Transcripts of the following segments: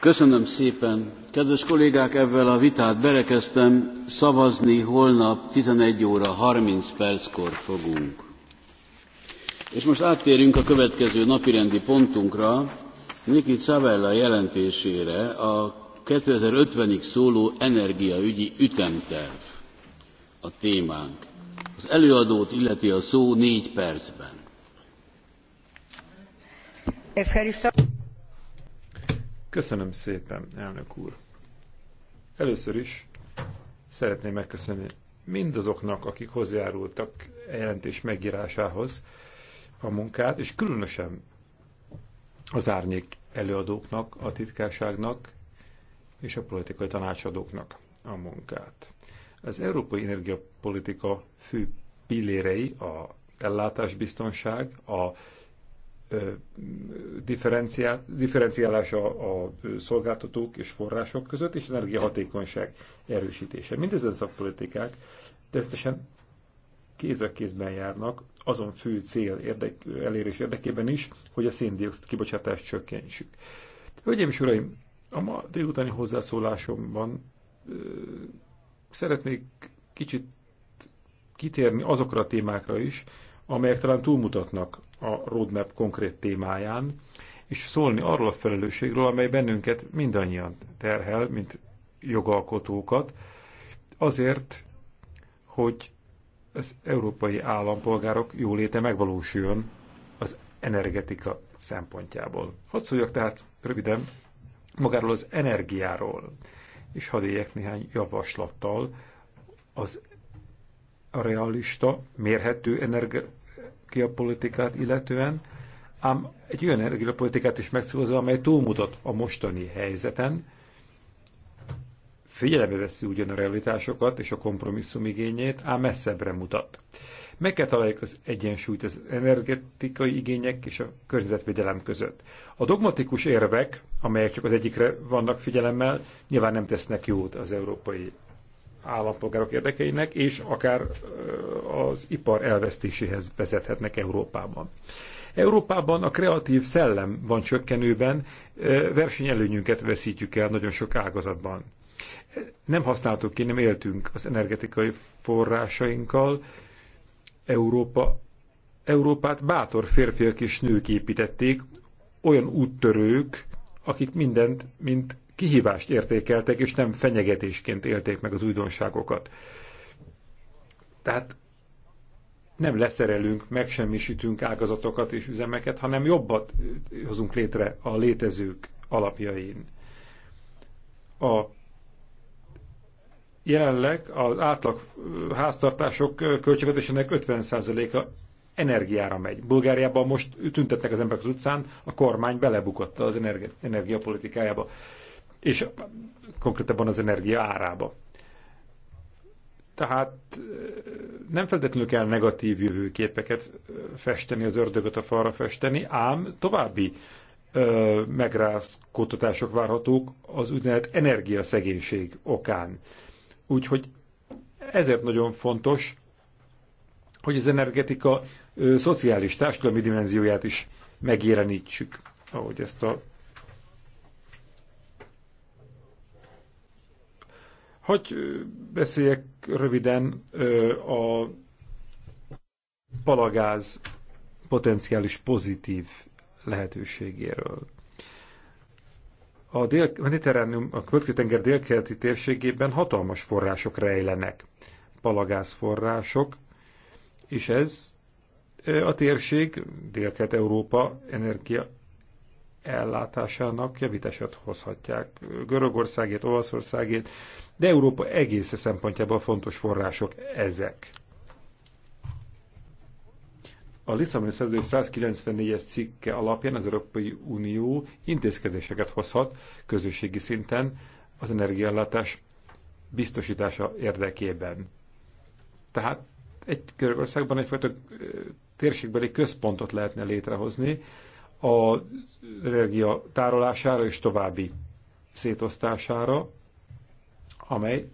Köszönöm szépen. Kedves kollégák, ezzel a vitát berekeztem. Szavazni holnap 11 óra 30 perckor fogunk. És most áttérünk a következő napirendi pontunkra, Niki Cavella jelentésére a 2050-ig szóló energiaügyi ütemterv a témánk. Az előadót illeti a szó négy percben. Köszönöm szépen, elnök úr. Először is szeretném megköszönni mindazoknak, akik hozzájárultak a e jelentés megírásához a munkát, és különösen az árnyék előadóknak, a titkárságnak és a politikai tanácsadóknak a munkát. Az európai energiapolitika fő pillérei a ellátásbiztonság, a differenciálása a szolgáltatók és források között, és az energiahatékonyság erősítése. Mindezen szakpolitikák tesztesen kéz a kézben járnak azon fő cél érdek, elérés érdekében is, hogy a széndiokszid kibocsátást csökkentsük. Hölgyeim és uraim, a ma délutáni hozzászólásomban ö, szeretnék kicsit kitérni azokra a témákra is, amelyek talán túlmutatnak a roadmap konkrét témáján, és szólni arról a felelősségről, amely bennünket mindannyian terhel, mint jogalkotókat, azért, hogy az európai állampolgárok jóléte megvalósuljon az energetika szempontjából. Hadd szóljak tehát röviden magáról az energiáról, és hadd éljek néhány javaslattal az a realista, mérhető energiapolitikát illetően, ám egy olyan energiapolitikát is megszavazza, amely túlmutat a mostani helyzeten, figyelembe veszi ugyan a realitásokat és a kompromisszum igényét, ám messzebbre mutat. Meg kell találjuk az egyensúlyt az energetikai igények és a környezetvédelem között. A dogmatikus érvek, amelyek csak az egyikre vannak figyelemmel, nyilván nem tesznek jót az európai állampolgárok érdekeinek, és akár az ipar elvesztéséhez vezethetnek Európában. Európában a kreatív szellem van csökkenőben, versenyelőnyünket veszítjük el nagyon sok ágazatban. Nem használtuk ki, nem éltünk az energetikai forrásainkkal. Európa, Európát bátor férfiak és nők építették, olyan úttörők, akik mindent, mint kihívást értékeltek, és nem fenyegetésként élték meg az újdonságokat. Tehát nem leszerelünk, megsemmisítünk ágazatokat és üzemeket, hanem jobbat hozunk létre a létezők alapjain. A jelenleg az átlag háztartások költségvetésének 50%-a energiára megy. Bulgáriában most tüntetnek az emberek az utcán, a kormány belebukott az energi energiapolitikájába és konkrétabban az energia árába. Tehát nem feltétlenül kell negatív jövőképeket festeni, az ördögöt a falra festeni, ám további ö, megrázkódtatások várhatók az úgynevezett energiaszegénység okán. Úgyhogy ezért nagyon fontos, hogy az energetika ö, szociális társadalmi dimenzióját is megjelenítsük, ahogy ezt a Hogy beszéljek röviden a palagáz potenciális pozitív lehetőségéről. A, dél, a Mediterránium, a Kvöltkötenger délkeleti térségében hatalmas források rejlenek, palagáz források, és ez a térség, délkelet Európa energia ellátásának javítását hozhatják. Görögországét, Olaszországét, de Európa egész szempontjából fontos források ezek. A Lisszaboni Szerződés 194-es cikke alapján az Európai Unió intézkedéseket hozhat közösségi szinten az energiállátás biztosítása érdekében. Tehát egy Görögországban egyfajta térségbeli központot lehetne létrehozni az energia tárolására és további szétosztására, amely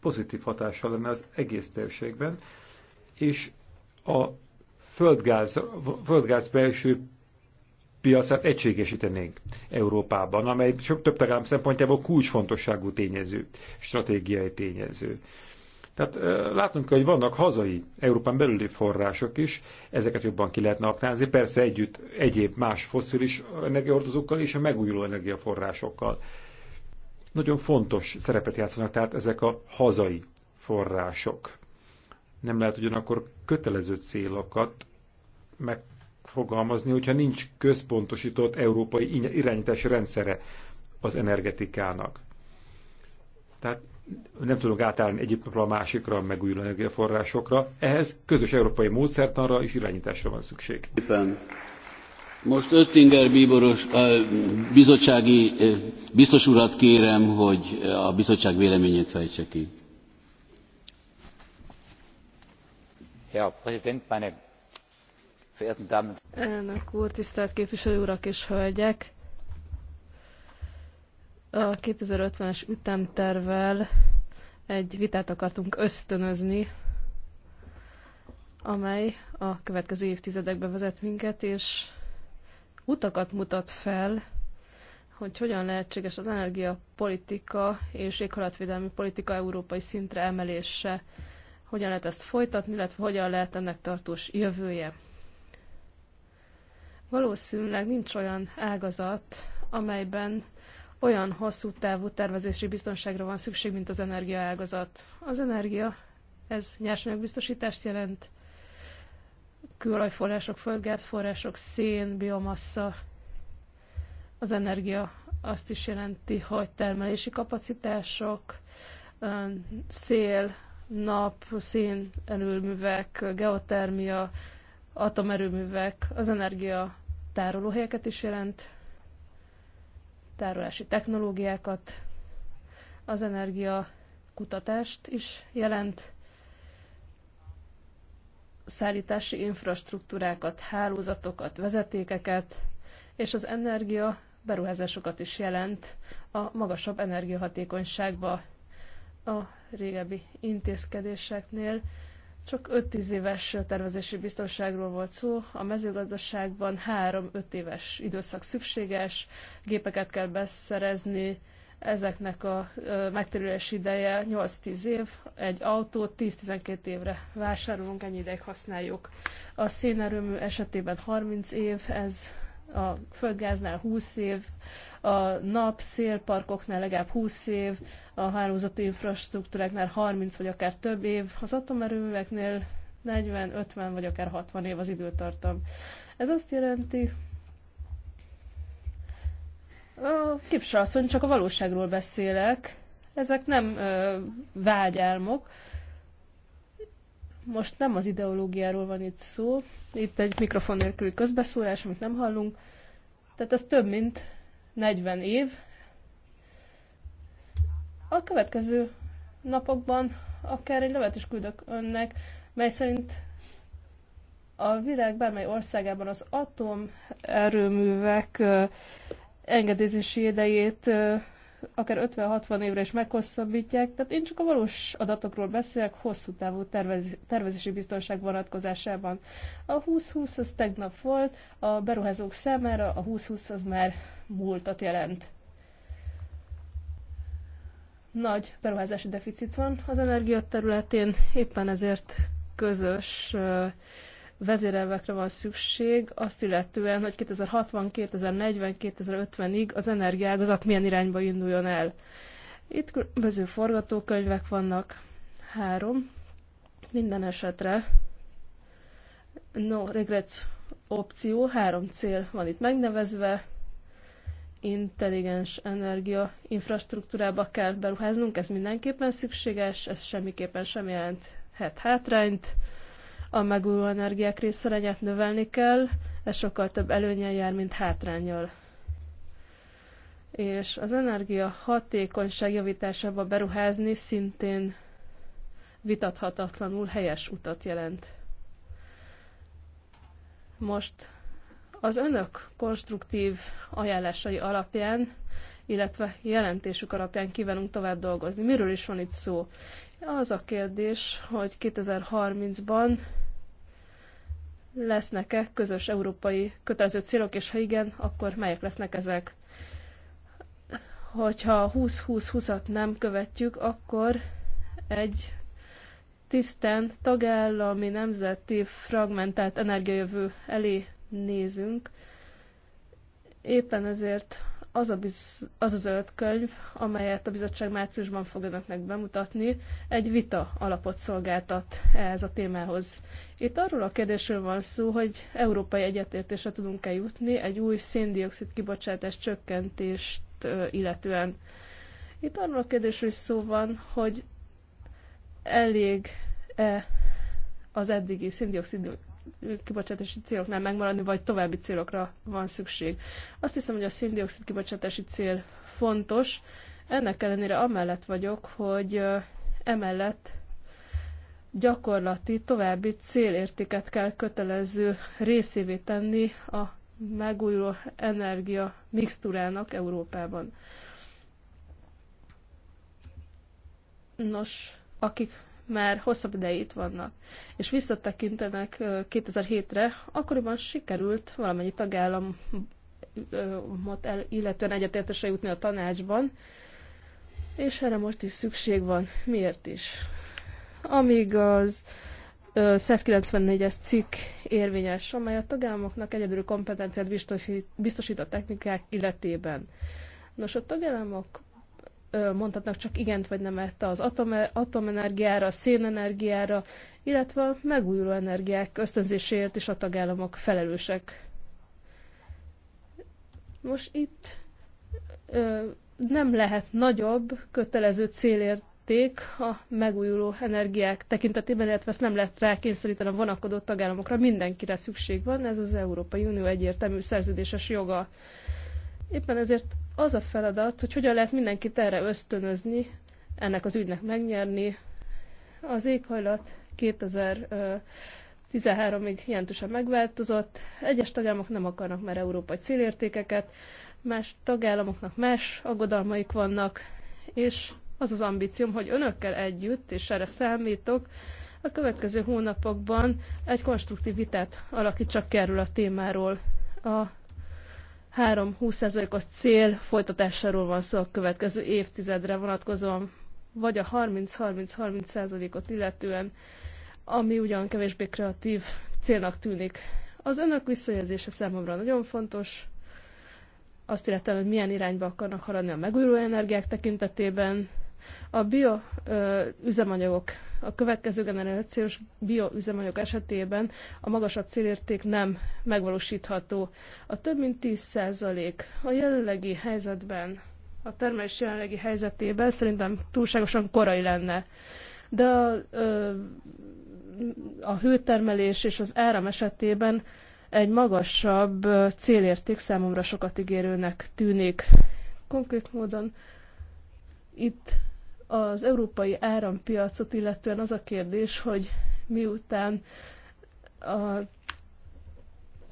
pozitív hatással lenne az egész térségben, és a földgáz, földgáz belső piacát egységesítenénk Európában, amely sok több tagállam szempontjából kulcsfontosságú tényező, stratégiai tényező. Tehát látunk, hogy vannak hazai, Európán belüli források is, ezeket jobban ki lehetne aknázni, persze együtt egyéb más foszilis energiahordozókkal és a megújuló energiaforrásokkal. Nagyon fontos szerepet játszanak tehát ezek a hazai források. Nem lehet ugyanakkor kötelező célokat megfogalmazni, hogyha nincs központosított európai irányítási rendszere az energetikának. Tehát nem tudunk átállni egyik napra a másikra, megújuló energiaforrásokra. Ehhez közös európai módszertanra és irányításra van szükség. Éppen. Most Öttinger bíboros, bizottsági eh, biztos urat kérem, hogy eh, a bizottság véleményét fejtse ki. Herr Präsident, meine verehrten Damen. Elnök úr, tisztelt képviselő urak és hölgyek! A 2050-es ütemtervel egy vitát akartunk ösztönözni, amely a következő évtizedekbe vezet minket, és utakat mutat fel, hogy hogyan lehetséges az energiapolitika és éghajlatvédelmi politika európai szintre emelése, hogyan lehet ezt folytatni, illetve hogyan lehet ennek tartós jövője. Valószínűleg nincs olyan ágazat, amelyben olyan hosszú távú tervezési biztonságra van szükség, mint az energiaágazat. Az energia, ez nyersanyagbiztosítást jelent, kőolajforrások, földgázforrások, szén, biomassa, az energia azt is jelenti, hogy termelési kapacitások, szél, nap, szén előművek, geotermia, atomerőművek, az energia tárolóhelyeket is jelent, tárolási technológiákat, az energia kutatást is jelent, szállítási infrastruktúrákat, hálózatokat, vezetékeket, és az energia beruházásokat is jelent a magasabb energiahatékonyságba a régebbi intézkedéseknél. Csak 5-10 éves tervezési biztonságról volt szó, a mezőgazdaságban 3-5 éves időszak szükséges, gépeket kell beszerezni, Ezeknek a megterülés ideje 8-10 év, egy autót 10-12 évre vásárolunk, ennyi ideig használjuk. A szénerőmű esetében 30 év, ez a földgáznál 20 év, a nap szélparkoknál legalább 20 év, a hálózati infrastruktúráknál 30 vagy akár több év, az atomerőműveknél 40, 50 vagy akár 60 év az időtartam. Ez azt jelenti, a asszony, csak a valóságról beszélek. Ezek nem ö, vágyálmok. Most nem az ideológiáról van itt szó. Itt egy mikrofon nélküli közbeszólás, amit nem hallunk. Tehát ez több, mint 40 év. A következő napokban akár egy levet is küldök önnek, mely szerint a világ bármely országában az atomerőművek engedélyezési idejét akár 50-60 évre is meghosszabbítják. Tehát én csak a valós adatokról beszélek, hosszú távú tervez, tervezési biztonság vonatkozásában. A 20-20 az tegnap volt, a beruházók számára a 20-20 az már múltat jelent. Nagy beruházási deficit van az energia területén, éppen ezért közös vezérelvekre van szükség, azt illetően, hogy 2060, 2040, 2050-ig az energiágazat milyen irányba induljon el. Itt különböző forgatókönyvek vannak, három, minden esetre no regrets opció, három cél van itt megnevezve, intelligens energia infrastruktúrába kell beruháznunk, ez mindenképpen szükséges, ez semmiképpen sem hát hátrányt, a megújuló energiák részarányát növelni kell, ez sokkal több előnyel jár, mint hátrányjal. És az energia hatékonyság javításába beruházni szintén vitathatatlanul helyes utat jelent. Most az önök konstruktív ajánlásai alapján, illetve jelentésük alapján kívánunk tovább dolgozni. Miről is van itt szó? Az a kérdés, hogy 2030-ban lesznek-e közös európai kötelező célok, és ha igen, akkor melyek lesznek ezek? Hogyha 20-20-20-at nem követjük, akkor egy tisztán tagállami nemzeti fragmentált energiajövő elé nézünk. Éppen ezért az a, biz, az a zöld könyv, amelyet a bizottság márciusban fog önöknek bemutatni, egy vita alapot szolgáltat ehhez a témához. Itt arról a kérdésről van szó, hogy európai egyetértésre tudunk-e jutni egy új széndiokszid kibocsátás csökkentést illetően. Itt arról a kérdésről is szó van, hogy elég-e az eddigi széndiokszid kibocsátási céloknál megmaradni, vagy további célokra van szükség. Azt hiszem, hogy a széndiokszid kibocsátási cél fontos. Ennek ellenére amellett vagyok, hogy emellett gyakorlati további célértéket kell kötelező részévé tenni a megújuló energia mixtúrának Európában. Nos, akik már hosszabb ideje itt vannak, és visszatekintenek 2007-re, akkoriban sikerült valamennyi tagállamot illetően egyetértésre jutni a tanácsban, és erre most is szükség van. Miért is? Amíg az 194-es cikk érvényes, amely a tagállamoknak egyedül kompetenciát biztosít a technikák illetében. Nos, a tagállamok mondhatnak csak igent vagy nemet az atom, atomenergiára, a szénenergiára, illetve a megújuló energiák ösztönzéséért is a tagállamok felelősek. Most itt ö, nem lehet nagyobb kötelező célérték a megújuló energiák tekintetében, illetve ezt nem lehet rákényszeríteni a vonakodó tagállamokra, mindenkire szükség van, ez az Európai Unió egyértelmű szerződéses joga. Éppen ezért az a feladat, hogy hogyan lehet mindenkit erre ösztönözni, ennek az ügynek megnyerni. Az éghajlat 2013-ig jelentősen megváltozott. Egyes tagállamok nem akarnak már európai célértékeket, más tagállamoknak más aggodalmaik vannak, és az az ambícióm, hogy önökkel együtt, és erre számítok, a következő hónapokban egy konstruktív vitát alakítsak kerül a témáról. A Három 20%-os cél folytatásáról van szó a következő évtizedre vonatkozóan, vagy a 30-30-30%-ot illetően, ami ugyan kevésbé kreatív célnak tűnik. Az önök visszajelzése számomra nagyon fontos, azt illetően, hogy milyen irányba akarnak haladni a megújuló energiák tekintetében, a bio ö, üzemanyagok a következő generációs bioüzemanyag esetében a magasabb célérték nem megvalósítható. A több mint 10% a jelenlegi helyzetben, a termelés jelenlegi helyzetében szerintem túlságosan korai lenne. De a, a hőtermelés és az áram esetében egy magasabb célérték számomra sokat ígérőnek tűnik. Konkrét módon itt az európai árampiacot illetően az a kérdés, hogy miután a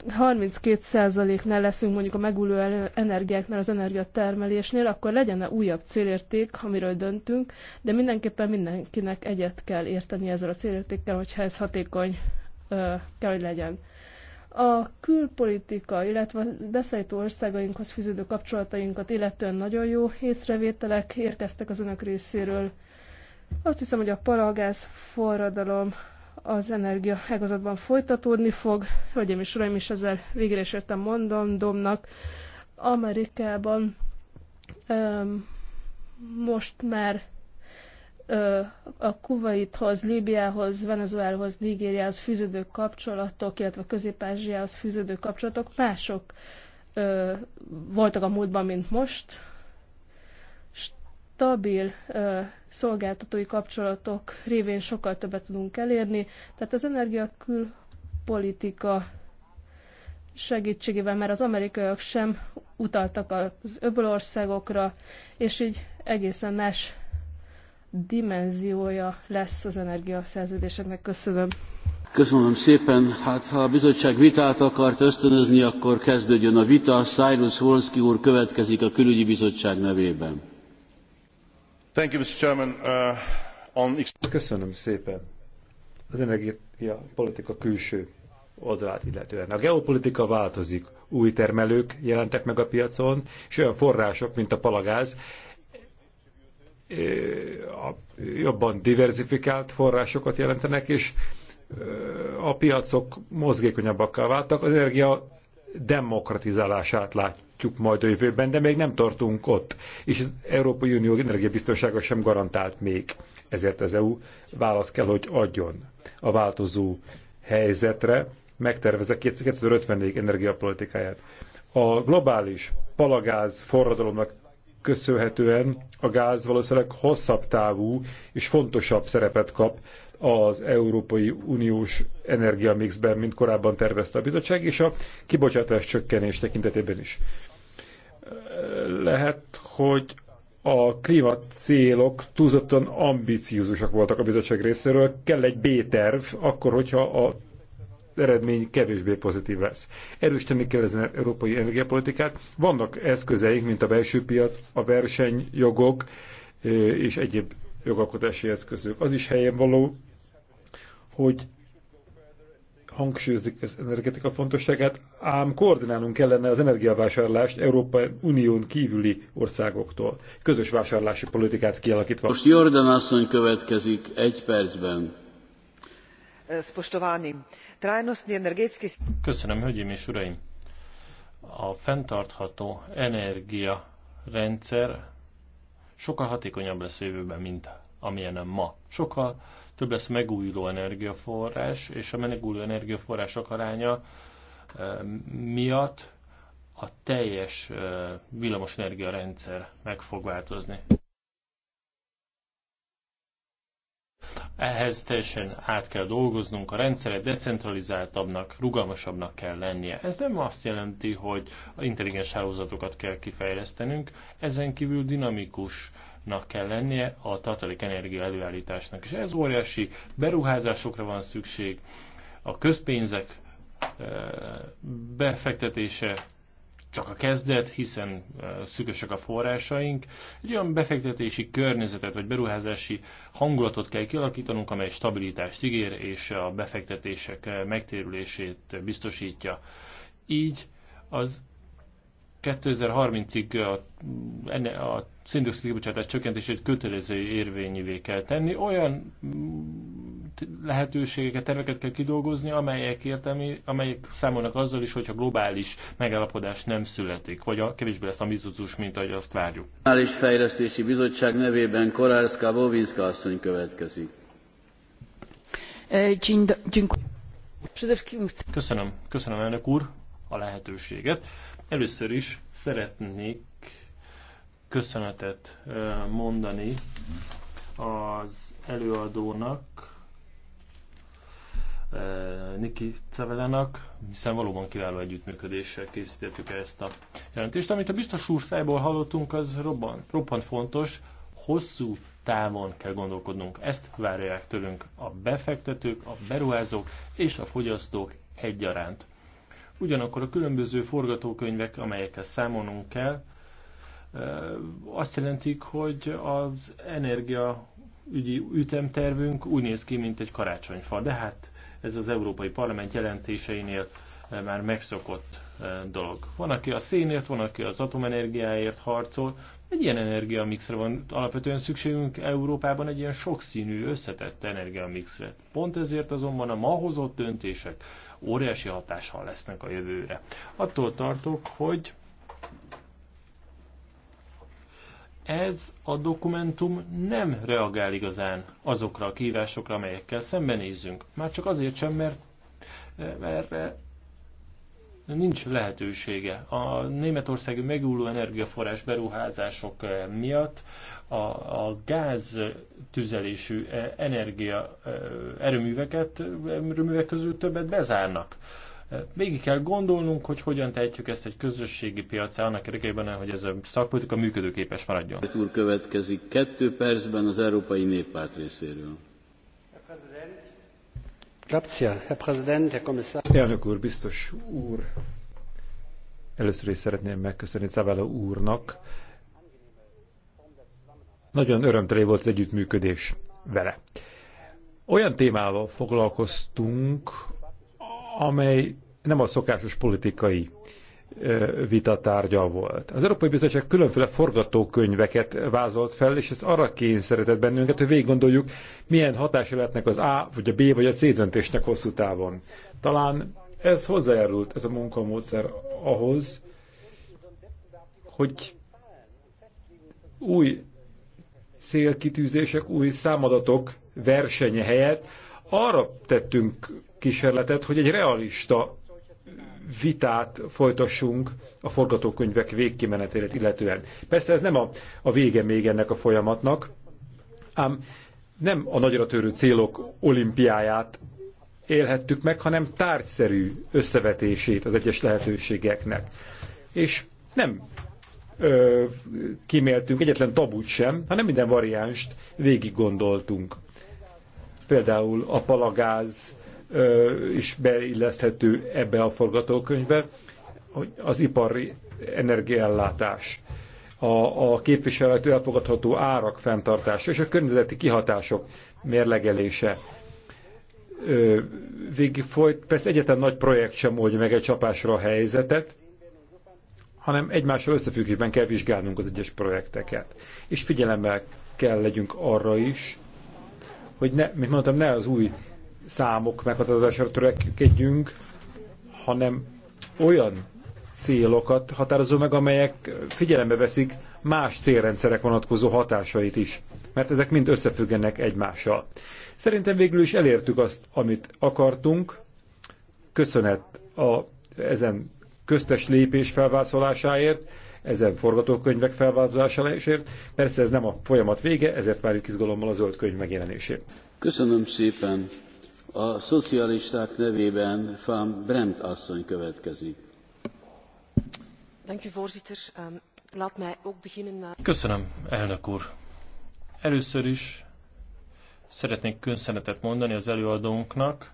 32%-nál leszünk mondjuk a megújuló energiáknál, az energiatermelésnél, akkor legyen -e újabb célérték, amiről döntünk, de mindenképpen mindenkinek egyet kell érteni ezzel a célértékkel, hogyha ez hatékony ö, kell, hogy legyen. A külpolitika, illetve a beszélytő országainkhoz fűződő kapcsolatainkat illetően nagyon jó észrevételek érkeztek az önök részéről. Azt hiszem, hogy a paragáz forradalom az energia ágazatban folytatódni fog. Hölgyeim és uraim, is ezzel végre is értem mondom, domnak. Amerikában öm, most már a Kuwaithoz, Líbiához, Venezuelhoz, Nigériához fűződő kapcsolatok, illetve Közép-Ázsiához fűződő kapcsolatok mások ö, voltak a múltban, mint most. Stabil ö, szolgáltatói kapcsolatok révén sokkal többet tudunk elérni, tehát az energiakülpolitika segítségével, mert az amerikaiak sem utaltak az öbölországokra, és így egészen más dimenziója lesz az energiaszerződéseknek. Köszönöm. Köszönöm szépen. Hát ha a bizottság vitát akart ösztönözni, akkor kezdődjön a vita. Cyrus Wolski úr következik a külügyi bizottság nevében. Thank you, Mr. Chairman. Uh, on... Köszönöm szépen. Az energiapolitika külső oldalát illetően. A geopolitika változik, új termelők jelentek meg a piacon, és olyan források, mint a palagáz, jobban diversifikált forrásokat jelentenek, és a piacok mozgékonyabbakká váltak. Az energia demokratizálását látjuk majd a jövőben, de még nem tartunk ott, és az Európai Unió energiabiztonsága sem garantált még. Ezért az EU válasz kell, hogy adjon a változó helyzetre, megtervezze 2050-ig energiapolitikáját. A globális palagáz forradalomnak köszönhetően a gáz valószínűleg hosszabb távú és fontosabb szerepet kap az Európai Uniós energiamixben, mint korábban tervezte a bizottság, és a kibocsátás csökkenés tekintetében is. Lehet, hogy a klímacélok túlzottan ambiciózusak voltak a bizottság részéről, kell egy B-terv, akkor, hogyha a eredmény kevésbé pozitív lesz. Erősíteni kell ezen európai energiapolitikát. Vannak eszközeik, mint a belső piac, a versenyjogok és egyéb jogalkotási eszközök. Az is helyen való, hogy hangsúlyozik az energetika fontosságát, ám koordinálnunk kellene az energiavásárlást Európai Unión kívüli országoktól. Közös vásárlási politikát kialakítva. Most Jordan asszony következik egy percben. E, Trajnostni energetski... Köszönöm, hölgyeim és uraim! A fenntartható energia rendszer sokkal hatékonyabb lesz jövőben, mint amilyen ma. Sokkal több lesz megújuló energiaforrás, és a megújuló energiaforrások aránya e, miatt a teljes e, villamosenergia rendszer meg fog változni. Ehhez teljesen át kell dolgoznunk, a rendszeret decentralizáltabbnak, rugalmasabbnak kell lennie. Ez nem azt jelenti, hogy intelligens hálózatokat kell kifejlesztenünk, ezen kívül dinamikus kell lennie a tartalék energia előállításnak. És ez óriási beruházásokra van szükség, a közpénzek eh, befektetése csak a kezdet, hiszen szükösek a forrásaink. Egy olyan befektetési környezetet vagy beruházási hangulatot kell kialakítanunk, amely stabilitást ígér és a befektetések megtérülését biztosítja. Így az 2030-ig a, a széndiokszid kibocsátás csökkentését kötelező érvényűvé kell tenni. Olyan mm, lehetőségeket, terveket kell kidolgozni, amelyek, értelmi, amelyek számolnak azzal is, hogyha globális megállapodás nem születik, vagy a, kevésbé lesz a ambiciózus, mint ahogy azt várjuk. Globális Fejlesztési Bizottság nevében Korárszka Bovinska asszony következik. Köszönöm, köszönöm elnök úr a lehetőséget. Először is szeretnék köszönetet mondani az előadónak, Niki Cevelenak, hiszen valóban kiváló együttműködéssel készítettük ezt a jelentést. Amit a biztos úr szájból hallottunk, az robban, roppant fontos, hosszú távon kell gondolkodnunk. Ezt várják tőlünk a befektetők, a beruházók és a fogyasztók egyaránt. Ugyanakkor a különböző forgatókönyvek, amelyekkel számolnunk kell, azt jelentik, hogy az energia ügyi ütemtervünk úgy néz ki, mint egy karácsonyfa, de hát ez az Európai Parlament jelentéseinél már megszokott dolog. Van, aki a szénért, van, aki az atomenergiáért harcol. Egy ilyen energiamixre van alapvetően szükségünk Európában, egy ilyen sokszínű, összetett energiamixre. Pont ezért azonban a ma hozott döntések óriási hatással lesznek a jövőre. Attól tartok, hogy ez a dokumentum nem reagál igazán azokra a kívásokra, amelyekkel szembenézzünk. Már csak azért sem, mert mert nincs lehetősége. A németországi megújuló energiaforrás beruházások miatt a, a gáz tüzelésű e- energia e- erőműveket, erőművek közül többet bezárnak. Végig kell gondolnunk, hogy hogyan tehetjük ezt egy közösségi piacá, annak érdekében, hogy ez a szakpolitika működőképes maradjon. Egy úr következik kettő percben az Európai Néppárt részéről. Elnök úr, biztos úr, először is szeretném megköszönni Zavala úrnak. Nagyon örömteli volt az együttműködés vele. Olyan témával foglalkoztunk, amely nem a szokásos politikai vitatárgya volt. Az Európai Bizottság különféle forgatókönyveket vázolt fel, és ez arra kényszerített bennünket, hogy végig gondoljuk, milyen hatása lehetnek az A, vagy a B, vagy a C döntésnek hosszú távon. Talán ez hozzájárult, ez a munkamódszer ahhoz, hogy új célkitűzések, új számadatok versenye helyett arra tettünk kísérletet, hogy egy realista vitát folytassunk a forgatókönyvek végkimenetélet illetően. Persze ez nem a, a vége még ennek a folyamatnak, ám nem a nagyra törő célok olimpiáját élhettük meg, hanem tárgyszerű összevetését az egyes lehetőségeknek. És nem ö, kiméltünk egyetlen tabut sem, hanem minden variánst végig gondoltunk. Például a palagáz is beilleszthető ebbe a forgatókönyvbe, hogy az ipari energiaellátás, a, a képviselető elfogadható árak fenntartása és a környezeti kihatások mérlegelése végig folyt. Persze egyetlen nagy projekt sem oldja meg egy csapásra a helyzetet, hanem egymással összefüggésben kell vizsgálnunk az egyes projekteket. És figyelemmel kell legyünk arra is, hogy ne, mint mondtam, ne az új számok meghatározására törekedjünk, hanem olyan célokat határozó meg, amelyek figyelembe veszik más célrendszerek vonatkozó hatásait is, mert ezek mind összefüggenek egymással. Szerintem végül is elértük azt, amit akartunk. Köszönet a ezen köztes lépés felvászolásáért, ezen forgatókönyvek felvázolásáért. Persze ez nem a folyamat vége, ezért várjuk izgalommal a zöld könyv megjelenését. Köszönöm szépen a szocialisták nevében Fám Bremt asszony következik. Ehm, Köszönöm, elnök úr. Először is szeretnék köszönetet mondani az előadónknak.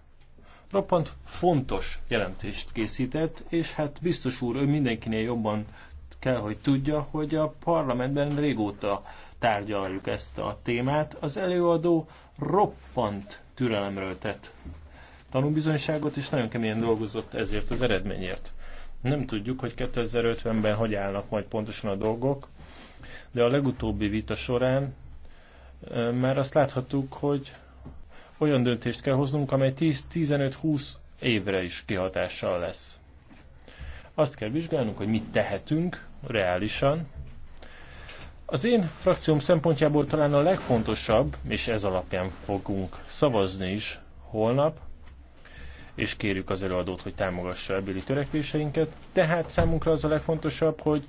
Roppant fontos jelentést készített, és hát biztos úr, ő mindenkinél jobban kell, hogy tudja, hogy a parlamentben régóta tárgyaljuk ezt a témát. Az előadó roppant türelemről tett tanúbizonyságot, és nagyon keményen dolgozott ezért az eredményért. Nem tudjuk, hogy 2050-ben hogy állnak majd pontosan a dolgok, de a legutóbbi vita során már azt láthattuk, hogy olyan döntést kell hoznunk, amely 10-15-20 évre is kihatással lesz. Azt kell vizsgálnunk, hogy mit tehetünk, reálisan. Az én frakcióm szempontjából talán a legfontosabb, és ez alapján fogunk szavazni is holnap, és kérjük az előadót, hogy támogassa ebbéli törekvéseinket. Tehát számunkra az a legfontosabb, hogy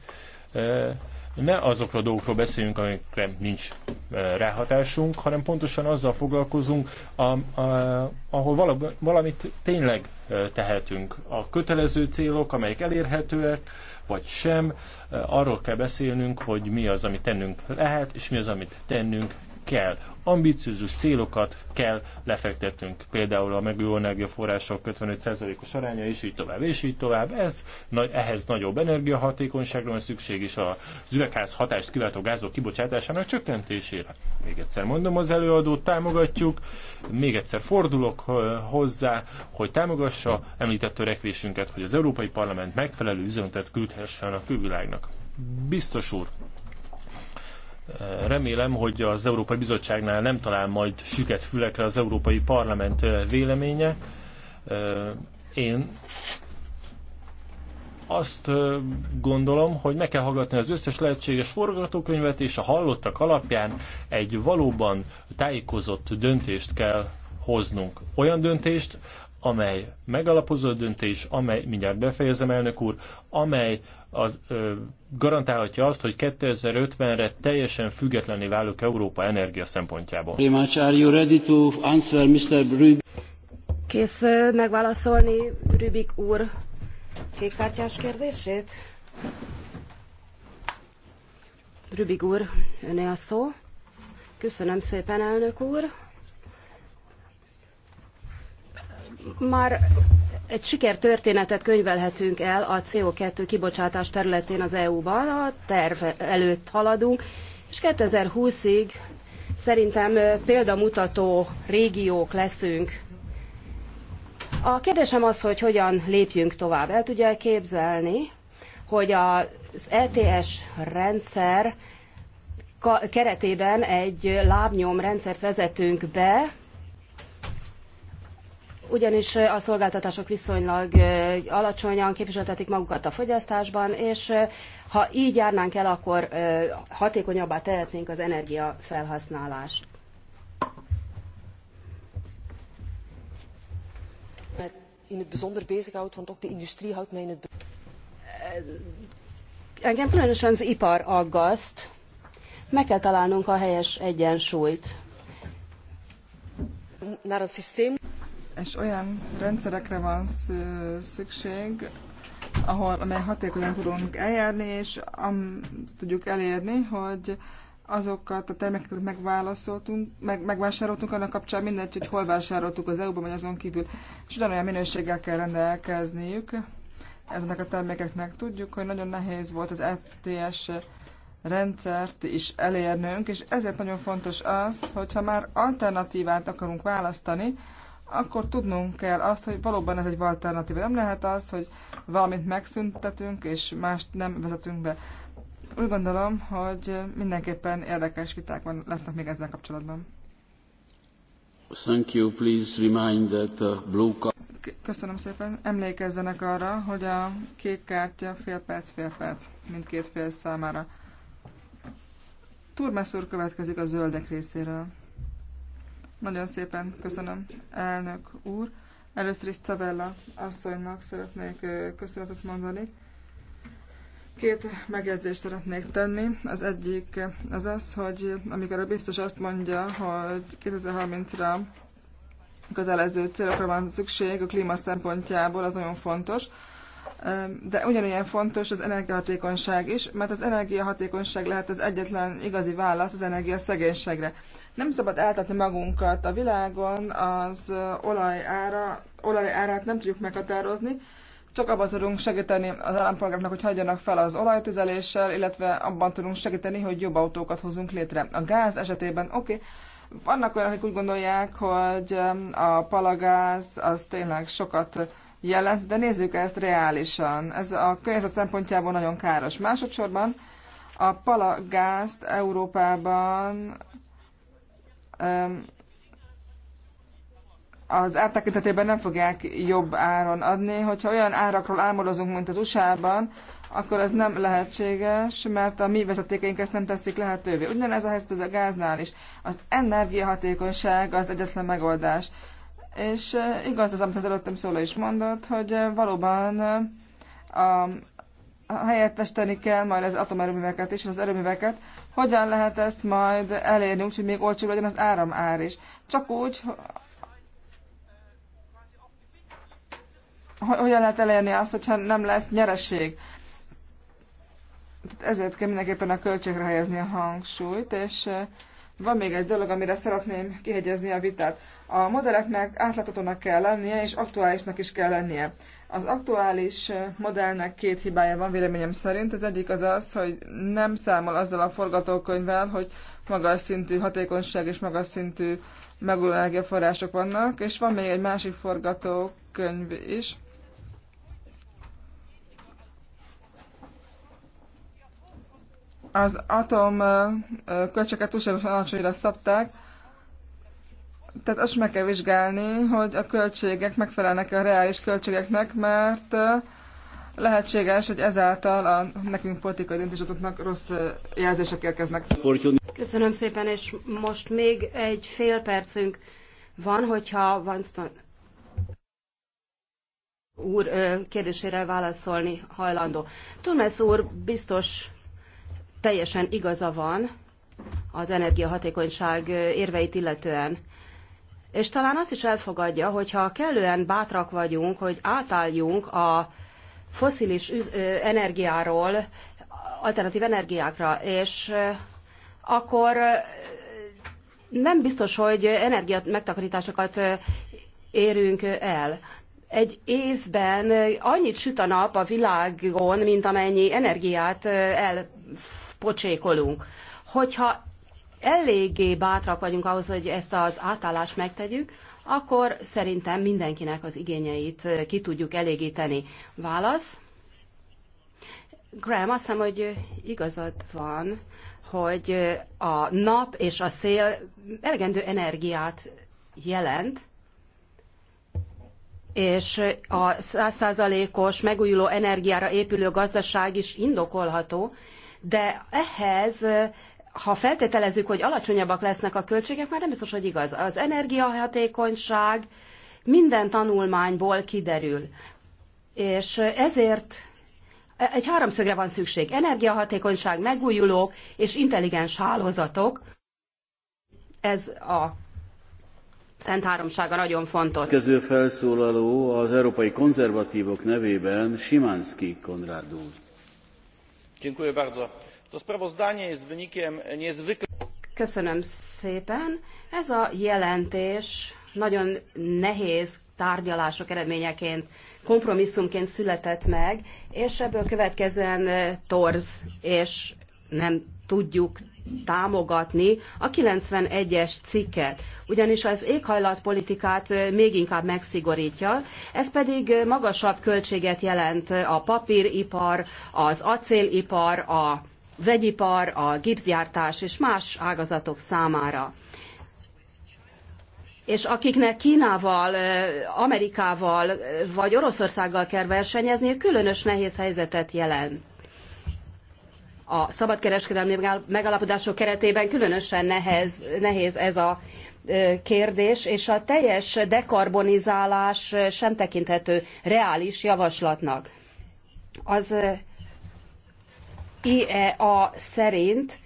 eh, ne azokról a dolgokról beszéljünk, amikre nincs e, ráhatásunk, hanem pontosan azzal foglalkozunk, a, a, ahol valamit tényleg e, tehetünk. A kötelező célok, amelyek elérhetőek, vagy sem, e, arról kell beszélnünk, hogy mi az, amit tennünk lehet, és mi az, amit tennünk kell ambiciózus célokat kell lefektetnünk. Például a megújuló energiaforrások 55%-os aránya, és így tovább, és így tovább. Ez, ehhez nagyobb energiahatékonyságra van szükség, és a üvegház hatást kiváltó gázok kibocsátásának csökkentésére. Még egyszer mondom, az előadót támogatjuk, még egyszer fordulok hozzá, hogy támogassa említett törekvésünket, hogy az Európai Parlament megfelelő üzenetet küldhessen a külvilágnak. Biztos úr, Remélem, hogy az Európai Bizottságnál nem talál majd süket fülekre az Európai Parlament véleménye. Én azt gondolom, hogy meg kell hallgatni az összes lehetséges forgatókönyvet, és a hallottak alapján egy valóban tájékozott döntést kell hoznunk. Olyan döntést, amely megalapozott döntés, amely, mindjárt befejezem elnök úr, amely az, ö, garantálhatja azt, hogy 2050-re teljesen függetlenné válok Európa energia szempontjából. Kész megválaszolni Rübik úr kékkártyás kérdését? Rübik úr, öné a szó. Köszönöm szépen, elnök úr. már egy sikertörténetet könyvelhetünk el a CO2 kibocsátás területén az EU-ban, a terv előtt haladunk, és 2020-ig szerintem példamutató régiók leszünk. A kérdésem az, hogy hogyan lépjünk tovább. El tudja képzelni, hogy az ETS rendszer keretében egy lábnyom rendszert vezetünk be, ugyanis a szolgáltatások viszonylag alacsonyan képviseltetik magukat a fogyasztásban, és ha így járnánk el, akkor hatékonyabbá tehetnénk az energiafelhasználást. in het bijzonder bezighoudt, want ook de industrie houdt mij in het. Engem különösen az ipar aggaszt. Meg kell találnunk a helyes egyensúlyt. Naar een systeem és olyan rendszerekre van szükség, ahol, amely hatékonyan tudunk eljárni, és am, tudjuk elérni, hogy azokat a termékeket megválaszoltunk, meg, megvásároltunk, annak kapcsán mindegy, hogy hol vásároltuk az EU-ban, vagy azon kívül, és ugyanolyan minőséggel kell rendelkezniük ezeknek a termékeknek. Tudjuk, hogy nagyon nehéz volt az ETS rendszert is elérnünk, és ezért nagyon fontos az, hogyha már alternatívát akarunk választani, akkor tudnunk kell azt, hogy valóban ez egy alternatíva. Nem lehet az, hogy valamit megszüntetünk, és mást nem vezetünk be. Úgy gondolom, hogy mindenképpen érdekes viták van, lesznek még ezzel kapcsolatban. Thank you. Please remind that the uh, blue card... Köszönöm szépen. Emlékezzenek arra, hogy a kék kártya fél perc, fél perc mindkét fél számára. Turmes következik a zöldek részéről. Nagyon szépen köszönöm, elnök úr. Először is Cavella asszonynak szeretnék köszönetet mondani. Két megjegyzést szeretnék tenni. Az egyik az az, hogy amikor a biztos azt mondja, hogy 2030-ra kötelező célokra van szükség a klíma szempontjából, az nagyon fontos de ugyanilyen fontos az energiahatékonyság is, mert az energiahatékonyság lehet az egyetlen igazi válasz az energiaszegénységre. Nem szabad eltatni magunkat a világon, az olaj, ára, olaj árát nem tudjuk meghatározni, csak abban tudunk segíteni az állampolgároknak, hogy hagyjanak fel az olajtüzeléssel, illetve abban tudunk segíteni, hogy jobb autókat hozunk létre. A gáz esetében oké, okay, vannak olyanok, akik úgy gondolják, hogy a palagáz az tényleg sokat jelent, de nézzük ezt reálisan. Ez a környezet szempontjából nagyon káros. Másodszorban a palagázt Európában az ártekintetében nem fogják jobb áron adni. Hogyha olyan árakról álmodozunk, mint az USA-ban, akkor ez nem lehetséges, mert a mi vezetékeink ezt nem teszik lehetővé. Ugyanez a helyzet az a gáznál is. Az energiahatékonyság az egyetlen megoldás. És igaz az, amit az előttem szóló is mondott, hogy valóban a, a kell majd az atomerőműveket és az erőműveket. Hogyan lehet ezt majd elérni, úgyhogy még olcsóbb legyen az áramár is? Csak úgy, hogyan lehet elérni azt, hogyha nem lesz nyereség? Tehát ezért kell mindenképpen a költségre helyezni a hangsúlyt, és van még egy dolog, amire szeretném kihegyezni a vitát. A modelleknek átláthatónak kell lennie, és aktuálisnak is kell lennie. Az aktuális modellnek két hibája van véleményem szerint. Az egyik az az, hogy nem számol azzal a forgatókönyvvel, hogy magas szintű hatékonyság és magas szintű megújuló energiaforrások vannak, és van még egy másik forgatókönyv is, az atom költséget túlságosan alacsonyra szabták, tehát azt meg kell vizsgálni, hogy a költségek megfelelnek a reális költségeknek, mert lehetséges, hogy ezáltal a nekünk politikai döntéshozóknak rossz jelzések érkeznek. Köszönöm szépen, és most még egy fél percünk van, hogyha Vanston úr kérdésére válaszolni hajlandó. Turmes úr biztos teljesen igaza van az energiahatékonyság érveit illetően. És talán azt is elfogadja, ha kellően bátrak vagyunk, hogy átálljunk a foszilis energiáról alternatív energiákra, és akkor nem biztos, hogy energia érünk el. Egy évben annyit süt a nap a világon, mint amennyi energiát el pocsékolunk. Hogyha eléggé bátrak vagyunk ahhoz, hogy ezt az átállást megtegyük, akkor szerintem mindenkinek az igényeit ki tudjuk elégíteni. Válasz? Graham, azt hiszem, hogy igazad van, hogy a nap és a szél elegendő energiát jelent, és a százszázalékos megújuló energiára épülő gazdaság is indokolható, de ehhez ha feltételezzük, hogy alacsonyabbak lesznek a költségek, már nem biztos, hogy igaz. Az energiahatékonyság minden tanulmányból kiderül. És ezért egy háromszögre van szükség. Energiahatékonyság, megújulók és intelligens hálózatok. Ez a Szent Háromsága nagyon fontos. Köző felszólaló az európai konzervatívok nevében Simánszki Konrád úr to sprawozdanie jest wynikiem niezwykle. Köszönöm szépen. Ez a jelentés nagyon nehéz tárgyalások eredményeként, kompromisszumként született meg, és ebből következően torz, és nem tudjuk támogatni a 91-es cikket, ugyanis az éghajlatpolitikát még inkább megszigorítja, ez pedig magasabb költséget jelent a papíripar, az acélipar, a vegyipar, a gipszgyártás és más ágazatok számára és akiknek Kínával, Amerikával vagy Oroszországgal kell versenyezni, különös nehéz helyzetet jelent a szabadkereskedelmi megállapodások keretében különösen nehez, nehéz ez a kérdés, és a teljes dekarbonizálás sem tekinthető reális javaslatnak. Az IEA szerint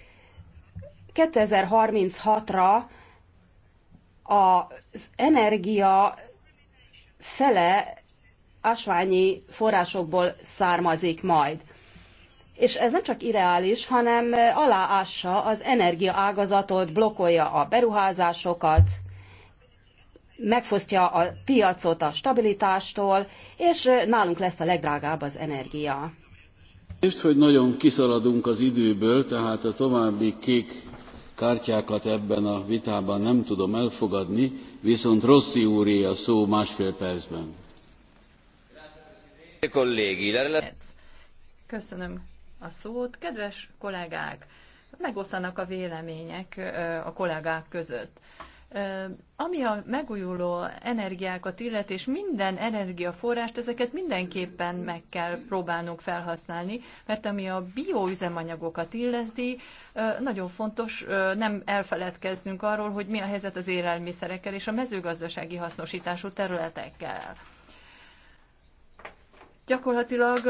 2036-ra az energia fele ásványi forrásokból származik majd és ez nem csak irreális, hanem aláássa az energiaágazatot, blokkolja a beruházásokat, megfosztja a piacot a stabilitástól, és nálunk lesz a legdrágább az energia. Most, hogy nagyon kiszaladunk az időből, tehát a további kék kártyákat ebben a vitában nem tudom elfogadni, viszont Rossi úré a szó másfél percben. Köszönöm a szót. Kedves kollégák, megosztanak a vélemények a kollégák között. Ami a megújuló energiákat illet, és minden energiaforrást, ezeket mindenképpen meg kell próbálnunk felhasználni, mert ami a bioüzemanyagokat illeti, nagyon fontos nem elfeledkeznünk arról, hogy mi a helyzet az élelmiszerekkel és a mezőgazdasági hasznosítású területekkel. Gyakorlatilag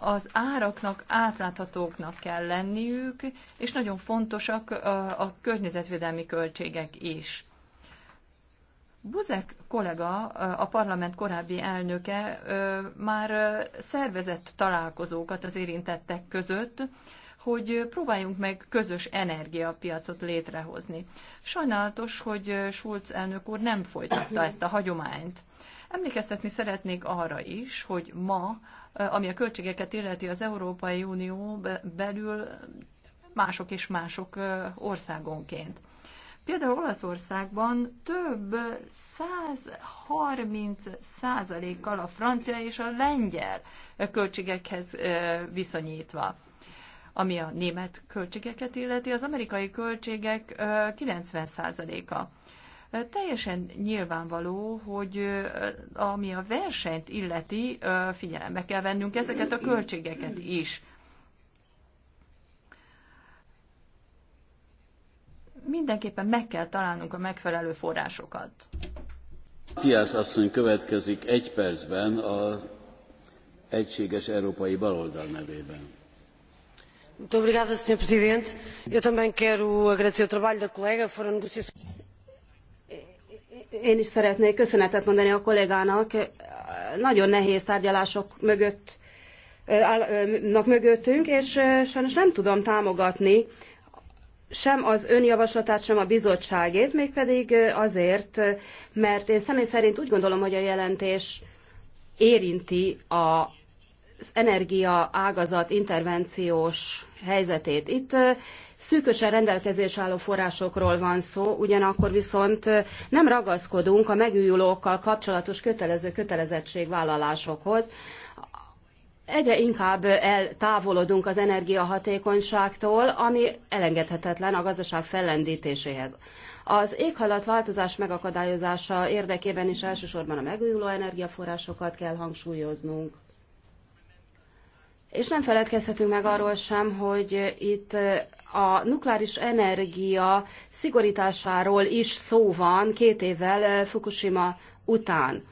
az áraknak átláthatóknak kell lenniük, és nagyon fontosak a környezetvédelmi költségek is. Buzek kollega, a parlament korábbi elnöke már szervezett találkozókat az érintettek között, hogy próbáljunk meg közös energiapiacot létrehozni. Sajnálatos, hogy Schulz elnök úr nem folytatta ezt a hagyományt. Emlékeztetni szeretnék arra is, hogy ma, eh, ami a költségeket illeti az Európai Unió belül mások és mások eh, országonként. Például Olaszországban több 130 százalékkal a francia és a lengyel költségekhez eh, viszonyítva. Ami a német költségeket illeti, az amerikai költségek 90 százaléka. Teljesen nyilvánvaló, hogy ami a versenyt illeti, figyelembe kell vennünk ezeket a költségeket is. Mindenképpen meg kell találnunk a megfelelő forrásokat. Tiász asszony következik egy percben a Egységes Európai Baloldal nevében Sr. presidente eu também quero agradecer o trabalho da colega foram negociações. Én is szeretnék köszönetet mondani a kollégának. Nagyon nehéz tárgyalások mögött állnak mögöttünk, és sajnos nem tudom támogatni sem az ön javaslatát, sem a bizottságét, mégpedig azért, mert én személy szerint úgy gondolom, hogy a jelentés érinti az energia ágazat intervenciós helyzetét. Itt szűkösen rendelkezés álló forrásokról van szó, ugyanakkor viszont nem ragaszkodunk a megújulókkal kapcsolatos kötelező kötelezettségvállalásokhoz, egyre inkább eltávolodunk az energiahatékonyságtól, ami elengedhetetlen a gazdaság fellendítéséhez. Az éghajlatváltozás megakadályozása érdekében is elsősorban a megújuló energiaforrásokat kell hangsúlyoznunk. És nem feledkezhetünk meg arról sem, hogy itt a nukleáris energia szigorításáról is szó van két évvel Fukushima után.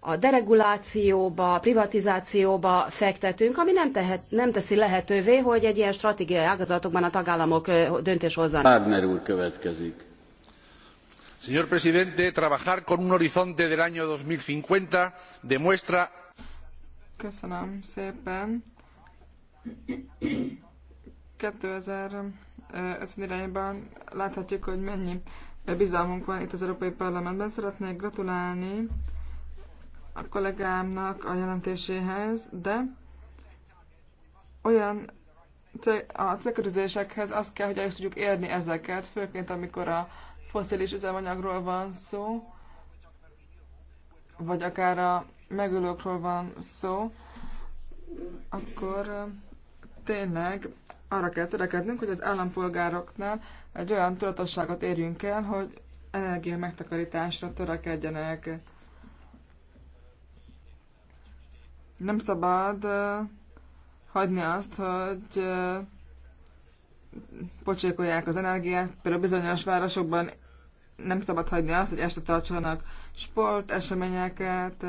A deregulációba, privatizációba fektetünk, ami nem, tehet, nem teszi lehetővé, hogy egy ilyen stratégiai ágazatokban a tagállamok döntés hozzanak. Wagner úr következik. Señor presidente, trabajar con un horizonte del año 2050 demuestra Köszönöm szépen. 2050 irányban láthatjuk, hogy mennyi bizalmunk van itt az Európai Parlamentben. Szeretnék gratulálni a kollégámnak a jelentéséhez, de olyan a célkörözésekhez azt kell, hogy el is tudjuk érni ezeket, főként amikor a foszilis üzemanyagról van szó, vagy akár a megülőkről van szó, akkor tényleg arra kell törekednünk, hogy az állampolgároknál egy olyan tudatosságot érjünk el, hogy energia megtakarításra törekedjenek. Nem szabad hagyni azt, hogy pocsékolják az energiát, például bizonyos városokban nem szabad hagyni azt, hogy este tartsanak sporteseményeket,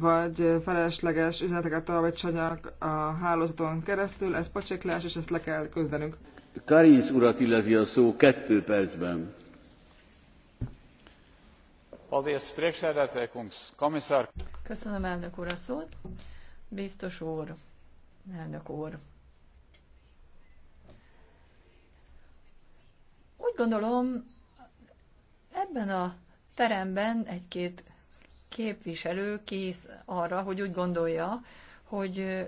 vagy felesleges üzeneteket tolvajtsanak a hálózaton keresztül, ez pocséklás, és ezt le kell közdenünk. Karinsz urat illeti a szó kettő percben. Köszönöm elnök úr a szót. Biztos úr, elnök úr. Úgy gondolom, ebben a teremben egy-két képviselő kész arra, hogy úgy gondolja, hogy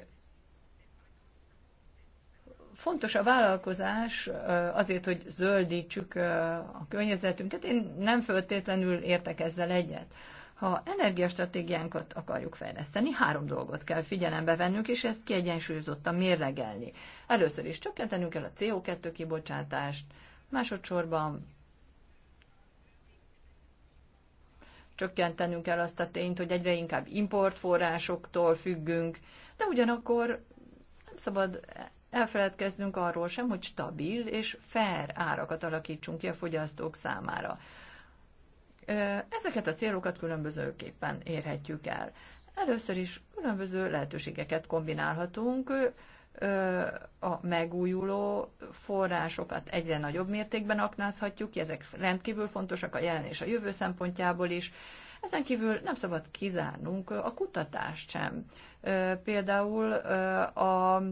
fontos a vállalkozás azért, hogy zöldítsük a környezetünket. Én nem föltétlenül értek ezzel egyet. Ha energiastratégiánkat akarjuk fejleszteni, három dolgot kell figyelembe vennünk, és ezt kiegyensúlyozottan mérlegelni. Először is csökkentenünk kell a CO2 kibocsátást, másodszorban csökkentenünk kell azt a tényt, hogy egyre inkább importforrásoktól függünk, de ugyanakkor nem szabad elfeledkeznünk arról sem, hogy stabil és fair árakat alakítsunk ki a fogyasztók számára. Ezeket a célokat különbözőképpen érhetjük el. Először is különböző lehetőségeket kombinálhatunk, a megújuló forrásokat egyre nagyobb mértékben aknázhatjuk ki, ezek rendkívül fontosak a jelen és a jövő szempontjából is. Ezen kívül nem szabad kizárnunk a kutatást sem. Például a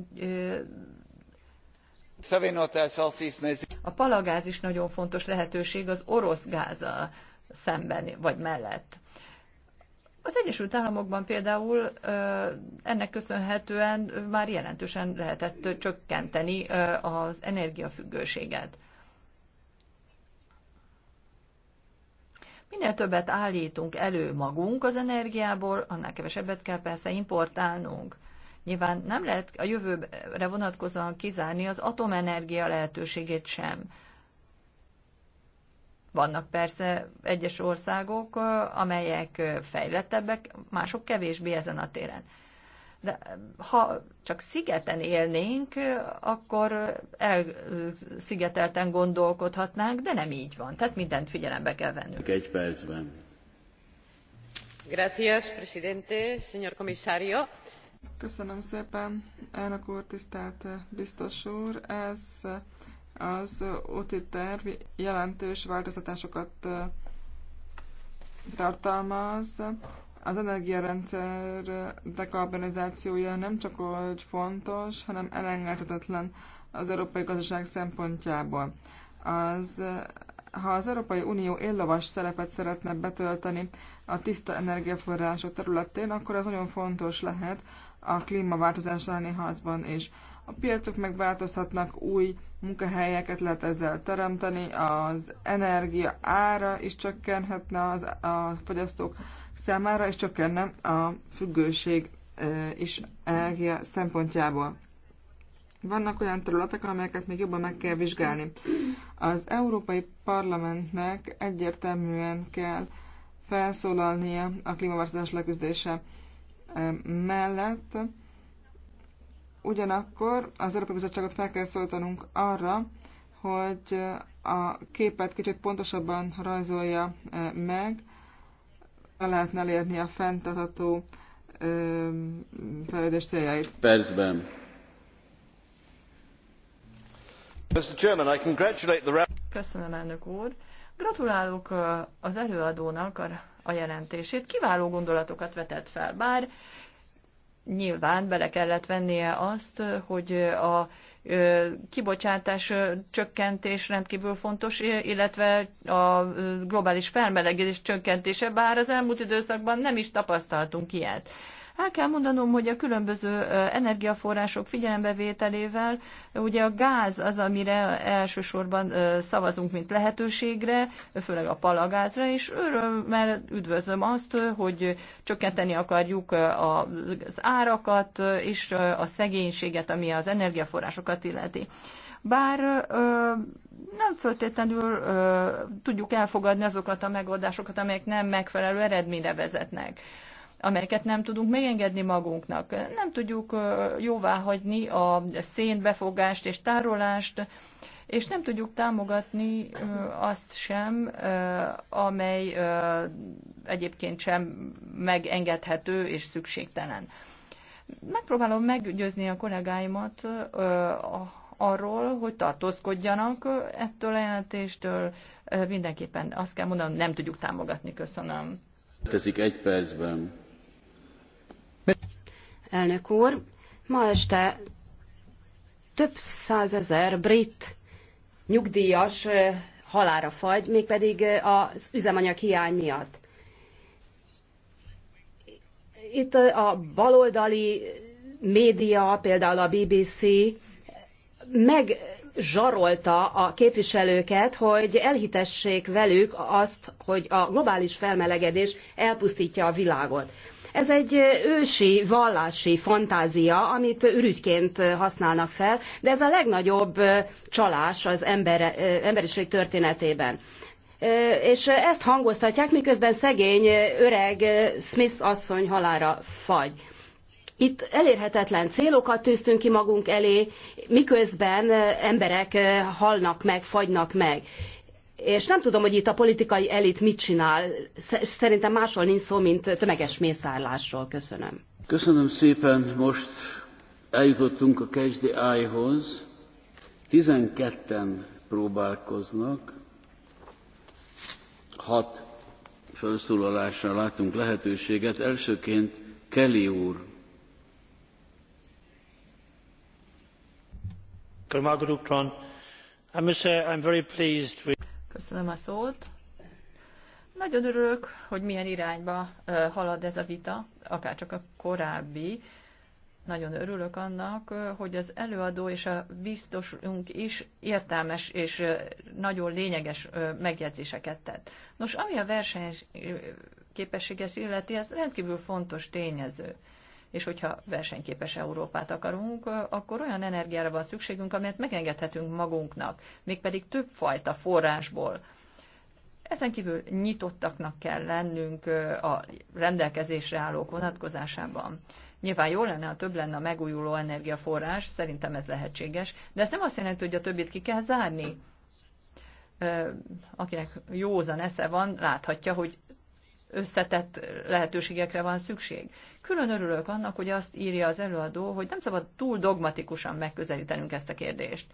a palagáz is nagyon fontos lehetőség az orosz gázzal szemben vagy mellett. Az Egyesült Államokban például ennek köszönhetően már jelentősen lehetett csökkenteni az energiafüggőséget. Minél többet állítunk elő magunk az energiából, annál kevesebbet kell persze importálnunk. Nyilván nem lehet a jövőre vonatkozóan kizárni az atomenergia lehetőségét sem vannak persze egyes országok, amelyek fejlettebbek, mások kevésbé ezen a téren. De ha csak szigeten élnénk, akkor elszigetelten gondolkodhatnánk, de nem így van. Tehát mindent figyelembe kell vennünk. Egy percben. Gracias, presidente, señor comisario. Köszönöm szépen, elnök úr, tisztelt biztos úr. Ez az úti terv jelentős változtatásokat tartalmaz. Az energiarendszer dekarbonizációja nem csak hogy fontos, hanem elengedhetetlen az európai gazdaság szempontjából. Az, ha az Európai Unió éllovas szerepet szeretne betölteni a tiszta energiaforrások területén, akkor az nagyon fontos lehet a klímaváltozás elleni harcban is. A piacok megváltozhatnak új munkahelyeket lehet ezzel teremteni, az energia ára is csökkenhetne az, a fogyasztók számára, és csökkenne a függőség is energia szempontjából. Vannak olyan területek, amelyeket még jobban meg kell vizsgálni. Az Európai Parlamentnek egyértelműen kell felszólalnia a klímaváltozás leküzdése mellett, Ugyanakkor az Európai Bizottságot fel kell szólítanunk arra, hogy a képet kicsit pontosabban rajzolja meg, lehetne elérni a fenntartható fejlődés céljait. Percben. Mr. Chairman, I congratulate the Köszönöm, elnök úr. Gratulálok az előadónak a jelentését. Kiváló gondolatokat vetett fel, bár nyilván bele kellett vennie azt, hogy a kibocsátás csökkentés rendkívül fontos, illetve a globális felmelegedés csökkentése, bár az elmúlt időszakban nem is tapasztaltunk ilyet. El kell mondanom, hogy a különböző energiaforrások figyelembevételével, ugye a gáz az, amire elsősorban szavazunk, mint lehetőségre, főleg a palagázra, és örömmel üdvözlöm azt, hogy csökkenteni akarjuk az árakat és a szegénységet, ami az energiaforrásokat illeti bár ö, nem föltétlenül ö, tudjuk elfogadni azokat a megoldásokat, amelyek nem megfelelő eredményre vezetnek amelyeket nem tudunk megengedni magunknak. Nem tudjuk jóvá hagyni a szénbefogást és tárolást, és nem tudjuk támogatni azt sem, amely egyébként sem megengedhető és szükségtelen. Megpróbálom meggyőzni a kollégáimat arról, hogy tartózkodjanak ettől a jelentéstől. Mindenképpen azt kell mondanom, nem tudjuk támogatni. Köszönöm. Tezik egy percben elnök úr. Ma este több százezer brit nyugdíjas halára fagy, mégpedig az üzemanyag hiány miatt. Itt a baloldali média, például a BBC megzsarolta a képviselőket, hogy elhitessék velük azt, hogy a globális felmelegedés elpusztítja a világot. Ez egy ősi vallási fantázia, amit ürügyként használnak fel, de ez a legnagyobb csalás az ember, emberiség történetében és ezt hangoztatják, miközben szegény öreg Smith asszony halára fagy. Itt elérhetetlen célokat tűztünk ki magunk elé, miközben emberek halnak meg, fagynak meg. És nem tudom, hogy itt a politikai elit mit csinál. Szerintem máshol nincs szó, mint tömeges mészárlásról. Köszönöm. Köszönöm szépen. Most eljutottunk a Catch Ájhoz. eye 12-en próbálkoznak. Hat felszólalásra látunk lehetőséget. Elsőként Kelly úr. Köszönöm. I'm very pleased with Köszönöm a szót. Nagyon örülök, hogy milyen irányba halad ez a vita, akár csak a korábbi. Nagyon örülök annak, hogy az előadó és a biztosunk is értelmes és nagyon lényeges megjegyzéseket tett. Nos, ami a versenyképességet illeti, ez rendkívül fontos tényező és hogyha versenyképes Európát akarunk, akkor olyan energiára van szükségünk, amelyet megengedhetünk magunknak, mégpedig többfajta forrásból. Ezen kívül nyitottaknak kell lennünk a rendelkezésre állók vonatkozásában. Nyilván jó lenne, ha több lenne a megújuló energiaforrás, szerintem ez lehetséges, de ez nem azt jelenti, hogy a többit ki kell zárni. Akinek józan esze van, láthatja, hogy összetett lehetőségekre van szükség. Külön örülök annak, hogy azt írja az előadó, hogy nem szabad túl dogmatikusan megközelítenünk ezt a kérdést.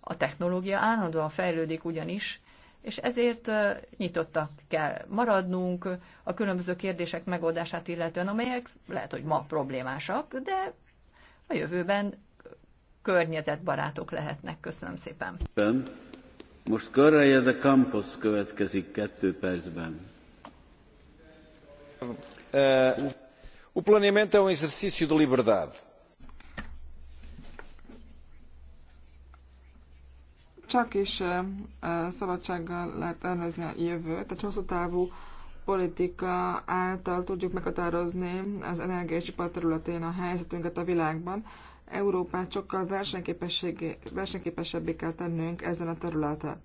A technológia állandóan fejlődik ugyanis, és ezért nyitottak kell maradnunk a különböző kérdések megoldását illetően, amelyek lehet, hogy ma problémásak, de a jövőben környezetbarátok lehetnek. Köszönöm szépen. Most Correia a Campos következik kettő percben. Uh, o planeamento é um exercício de liberdade. Csak is uh, uh, szabadsággal lehet tervezni a jövőt, A hosszú távú politika által tudjuk meghatározni az energiaipar területén a helyzetünket a világban. Európát sokkal versenyképesebbé kell tennünk ezen a területen.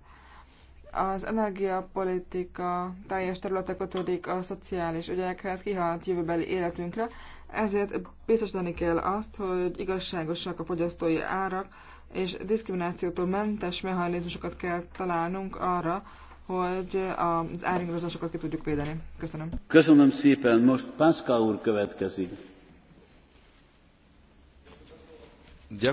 Az energiapolitika teljes területe kötődik a szociális ügyekhez, kihalt jövőbeli életünkre, ezért biztosítani kell azt, hogy igazságosak a fogyasztói árak, és diszkriminációtól mentes mechanizmusokat kell találnunk arra, hogy az áringazosokat ki tudjuk védeni. Köszönöm. Köszönöm szépen. Most Pászka úr következik. v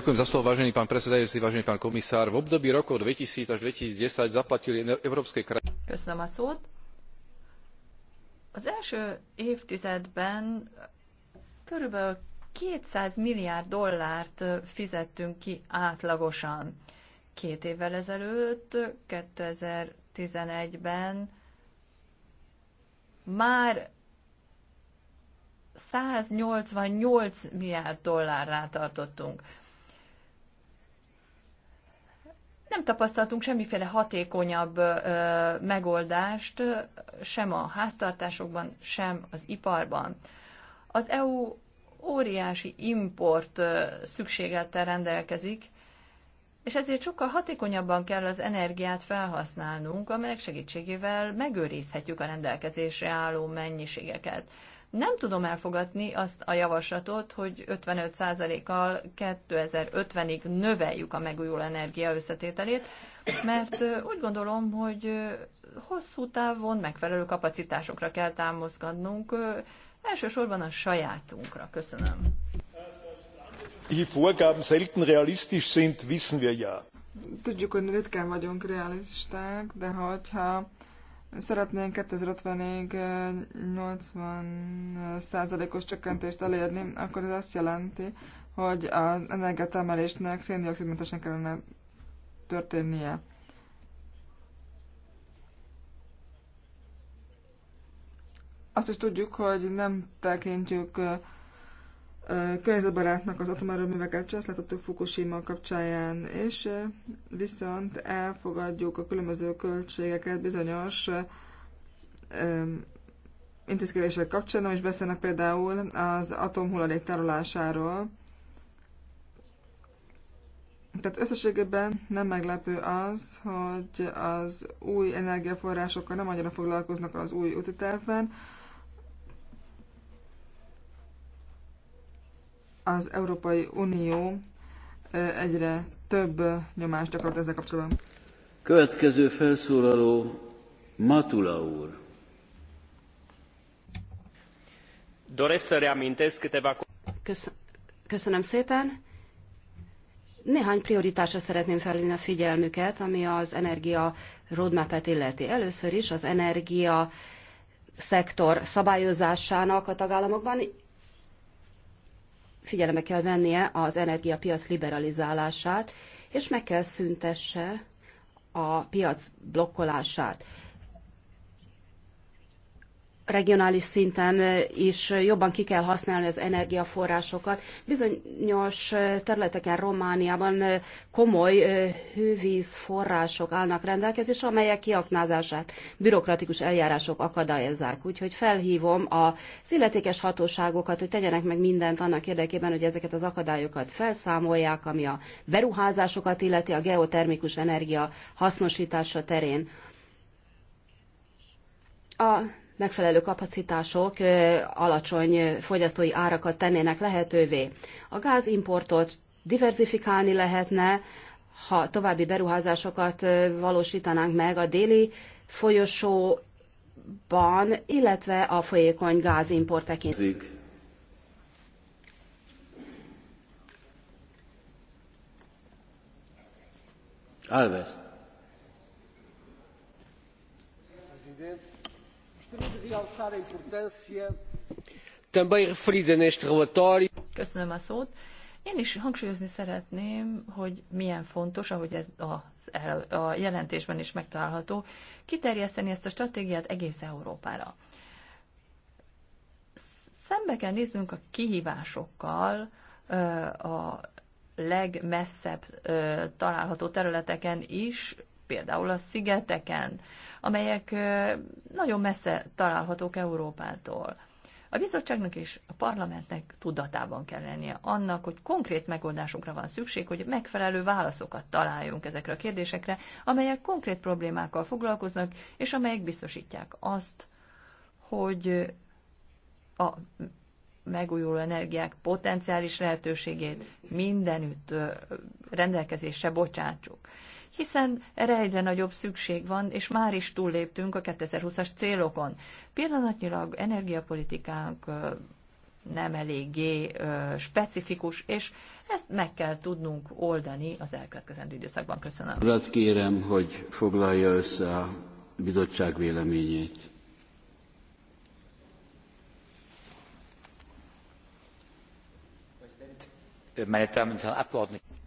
období rokov two thousand až two thousand and ten zaplatili európske krajiny. Köszönöm a szót. Az első évtizedben körülbelül 200 milliárd dollárt fizettünk ki átlagosan. Két évvel ezelőtt, 2011-ben már 188 milliárd dollárrá tartottunk. nem tapasztaltunk semmiféle hatékonyabb ö, megoldást sem a háztartásokban, sem az iparban. Az EU óriási import ö, szükségettel rendelkezik, és ezért sokkal hatékonyabban kell az energiát felhasználnunk, amelyek segítségével megőrizhetjük a rendelkezésre álló mennyiségeket. Nem tudom elfogadni azt a javaslatot, hogy 55%-kal 2050-ig növeljük a megújuló energia összetételét, mert úgy gondolom, hogy hosszú távon megfelelő kapacitásokra kell támaszkodnunk, elsősorban a sajátunkra. Köszönöm. Die Vorgaben selten realistisch sind, wissen wir ja. Tudjuk, hogy ritkán vagyunk realisták, de hogyha Szeretnénk 2050-ig 80%-os eh, csökkentést elérni, akkor ez azt jelenti, hogy az energiatermelésnek széndiokszidmentesen kellene történnie. Azt is tudjuk, hogy nem tekintjük eh, környezetbarátnak az atomerőműveket se, a látható Fukushima kapcsán, és viszont elfogadjuk a különböző költségeket bizonyos intézkedések kapcsán, és beszélnek például az atomhulladék tárolásáról. Tehát összességében nem meglepő az, hogy az új energiaforrásokkal nem annyira foglalkoznak az új útitervben, az Európai Unió egyre több nyomást akart ezzel kapcsolatban. Következő felszólaló Matula úr. Köszönöm szépen. Néhány prioritásra szeretném felhívni a figyelmüket, ami az energia roadmap-et illeti. Először is az energia szektor szabályozásának a tagállamokban figyelembe kell vennie az energiapiac liberalizálását, és meg kell szüntesse a piac blokkolását regionális szinten is jobban ki kell használni az energiaforrásokat. Bizonyos területeken Romániában komoly hővízforrások állnak rendelkezésre, amelyek kiaknázását bürokratikus eljárások akadályozzák. Úgyhogy felhívom az illetékes hatóságokat, hogy tegyenek meg mindent annak érdekében, hogy ezeket az akadályokat felszámolják, ami a beruházásokat illeti a geotermikus energia hasznosítása terén. A megfelelő kapacitások alacsony fogyasztói árakat tennének lehetővé. A gázimportot diversifikálni lehetne, ha további beruházásokat valósítanánk meg a déli folyosóban, illetve a folyékony gázimport tekintetében. Alves. Köszönöm a szót. Én is hangsúlyozni szeretném, hogy milyen fontos, ahogy ez a jelentésben is megtalálható, kiterjeszteni ezt a stratégiát egész Európára. Szembe kell néznünk a kihívásokkal a legmesszebb található területeken is, például a szigeteken, amelyek nagyon messze találhatók Európától. A bizottságnak és a parlamentnek tudatában kell lennie annak, hogy konkrét megoldásokra van szükség, hogy megfelelő válaszokat találjunk ezekre a kérdésekre, amelyek konkrét problémákkal foglalkoznak, és amelyek biztosítják azt, hogy a megújuló energiák potenciális lehetőségét mindenütt rendelkezésre bocsátsuk hiszen erre egyre nagyobb szükség van, és már is túlléptünk a 2020-as célokon. Pillanatnyilag energiapolitikánk nem eléggé specifikus, és ezt meg kell tudnunk oldani az elkövetkezendő időszakban. Köszönöm. Urat kérem, hogy foglalja össze a bizottság véleményét. Meine Damen und Herren Abgeordneten.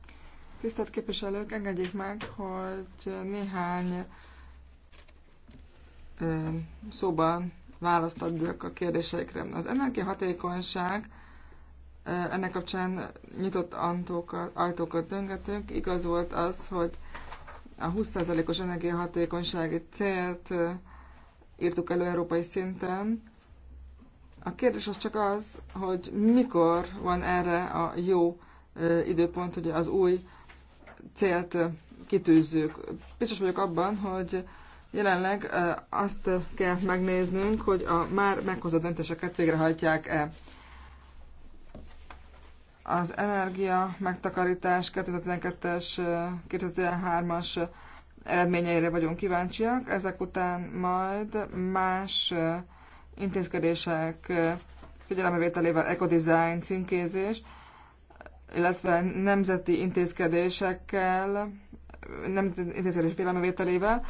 Tisztelt képviselők, engedjék meg, hogy néhány szóban választ adjak a kérdéseikre. Az energiahatékonyság ennek kapcsán nyitott antókat, ajtókat döngetünk. Igaz volt az, hogy a 20%-os energiahatékonysági célt írtuk elő európai szinten. A kérdés az csak az, hogy mikor van erre a jó időpont, hogy az új célt kitűzzük. Biztos vagyok abban, hogy jelenleg azt kell megnéznünk, hogy a már meghozott döntéseket végrehajtják-e. Az energia megtakarítás 2012-es, 2013-as eredményeire vagyunk kíváncsiak, ezek után majd más intézkedések figyelemevételével ekodizájn címkézés, illetve nemzeti intézkedésekkel, nemzeti intézkedés véleményvételével,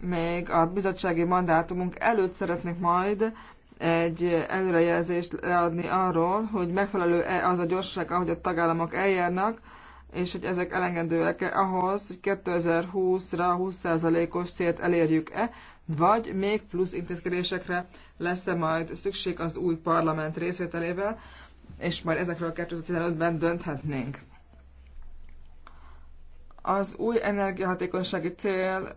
még a bizottsági mandátumunk előtt szeretnék majd egy előrejelzést leadni arról, hogy megfelelő-e az a gyorsaság, ahogy a tagállamok eljárnak, és hogy ezek elengedőek-e ahhoz, hogy 2020-ra 20%-os célt elérjük-e, vagy még plusz intézkedésekre lesz-e majd szükség az új parlament részvételével, és majd ezekről 2015-ben dönthetnénk. Az új energiahatékonysági cél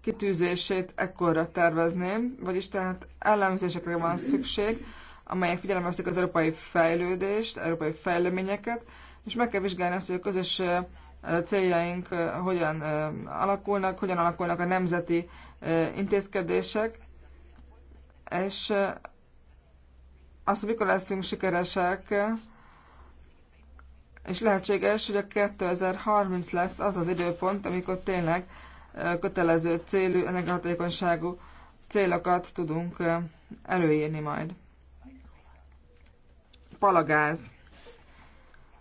kitűzését ekkorra tervezném, vagyis tehát ellenőrzésekre van szükség, amelyek figyelmeztetik az európai fejlődést, európai fejleményeket, és meg kell vizsgálni azt, hogy a közös céljaink hogyan alakulnak, hogyan alakulnak a nemzeti intézkedések, és az, hogy mikor leszünk sikeresek, és lehetséges, hogy a 2030 lesz az az időpont, amikor tényleg kötelező célú, energiahatékonyságú célokat tudunk előírni majd. Palagáz.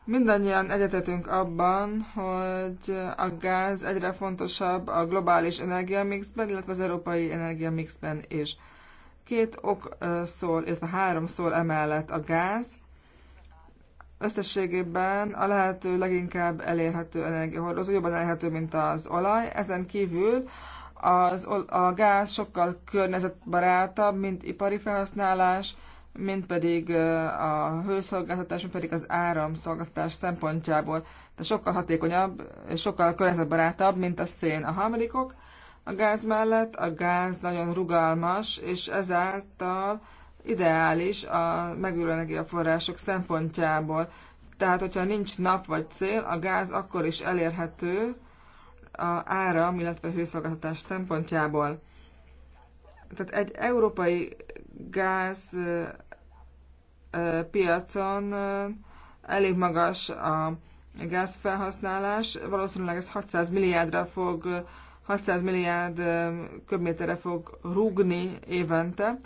Mindannyian egyetetünk abban, hogy a gáz egyre fontosabb a globális energiamixben, illetve az európai energiamixben is. Két ok szól, illetve három szól emellett a gáz. Összességében a lehető leginkább elérhető energiahordozó, jobban elérhető, mint az olaj. Ezen kívül az, a gáz sokkal környezetbarátabb, mint ipari felhasználás, mint pedig a hőszolgáltatás, mint pedig az áramszolgáltatás szempontjából. De sokkal hatékonyabb, sokkal környezetbarátabb, mint a szén. A harmadikok a gáz mellett a gáz nagyon rugalmas, és ezáltal ideális a megújuló energiaforrások szempontjából. Tehát, hogyha nincs nap vagy cél, a gáz akkor is elérhető a áram, illetve hőszolgáltatás szempontjából. Tehát egy európai gáz piacon elég magas a gázfelhasználás, valószínűleg ez 600 milliárdra fog 600 milliárd köbméterre fog rúgni évente.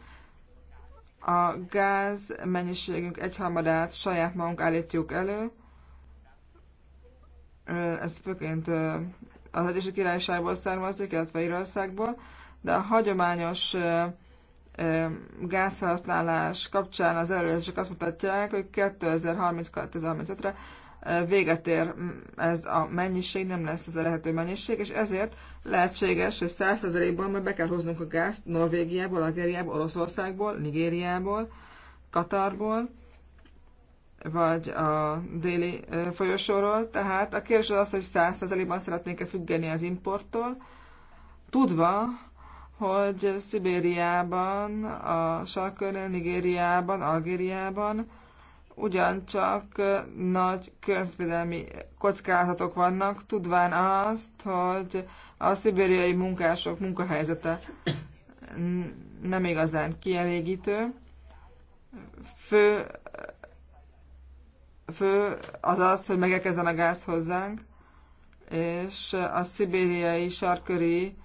A gáz mennyiségünk egyharmadát saját magunk állítjuk elő. Ez főként az Egyesült Királyságból származik, illetve Írországból, de a hagyományos gázhasználás kapcsán az előzések azt mutatják, hogy 2030-2035-re véget ér ez a mennyiség, nem lesz ez a lehető mennyiség, és ezért lehetséges, hogy 100%-ban már be kell hoznunk a gázt Norvégiából, Algériából, Oroszországból, Nigériából, Katarból, vagy a déli folyosóról. Tehát a kérdés az az, hogy 100%-ban szeretnénk-e függeni az importtól, tudva, hogy Szibériában, a sarkörnél, Nigériában, Algériában ugyancsak nagy környezetvédelmi kockázatok vannak, tudván azt, hogy a szibériai munkások munkahelyzete nem igazán kielégítő. Fő, fő az az, hogy megekezzen a gáz hozzánk, és a szibériai sarköri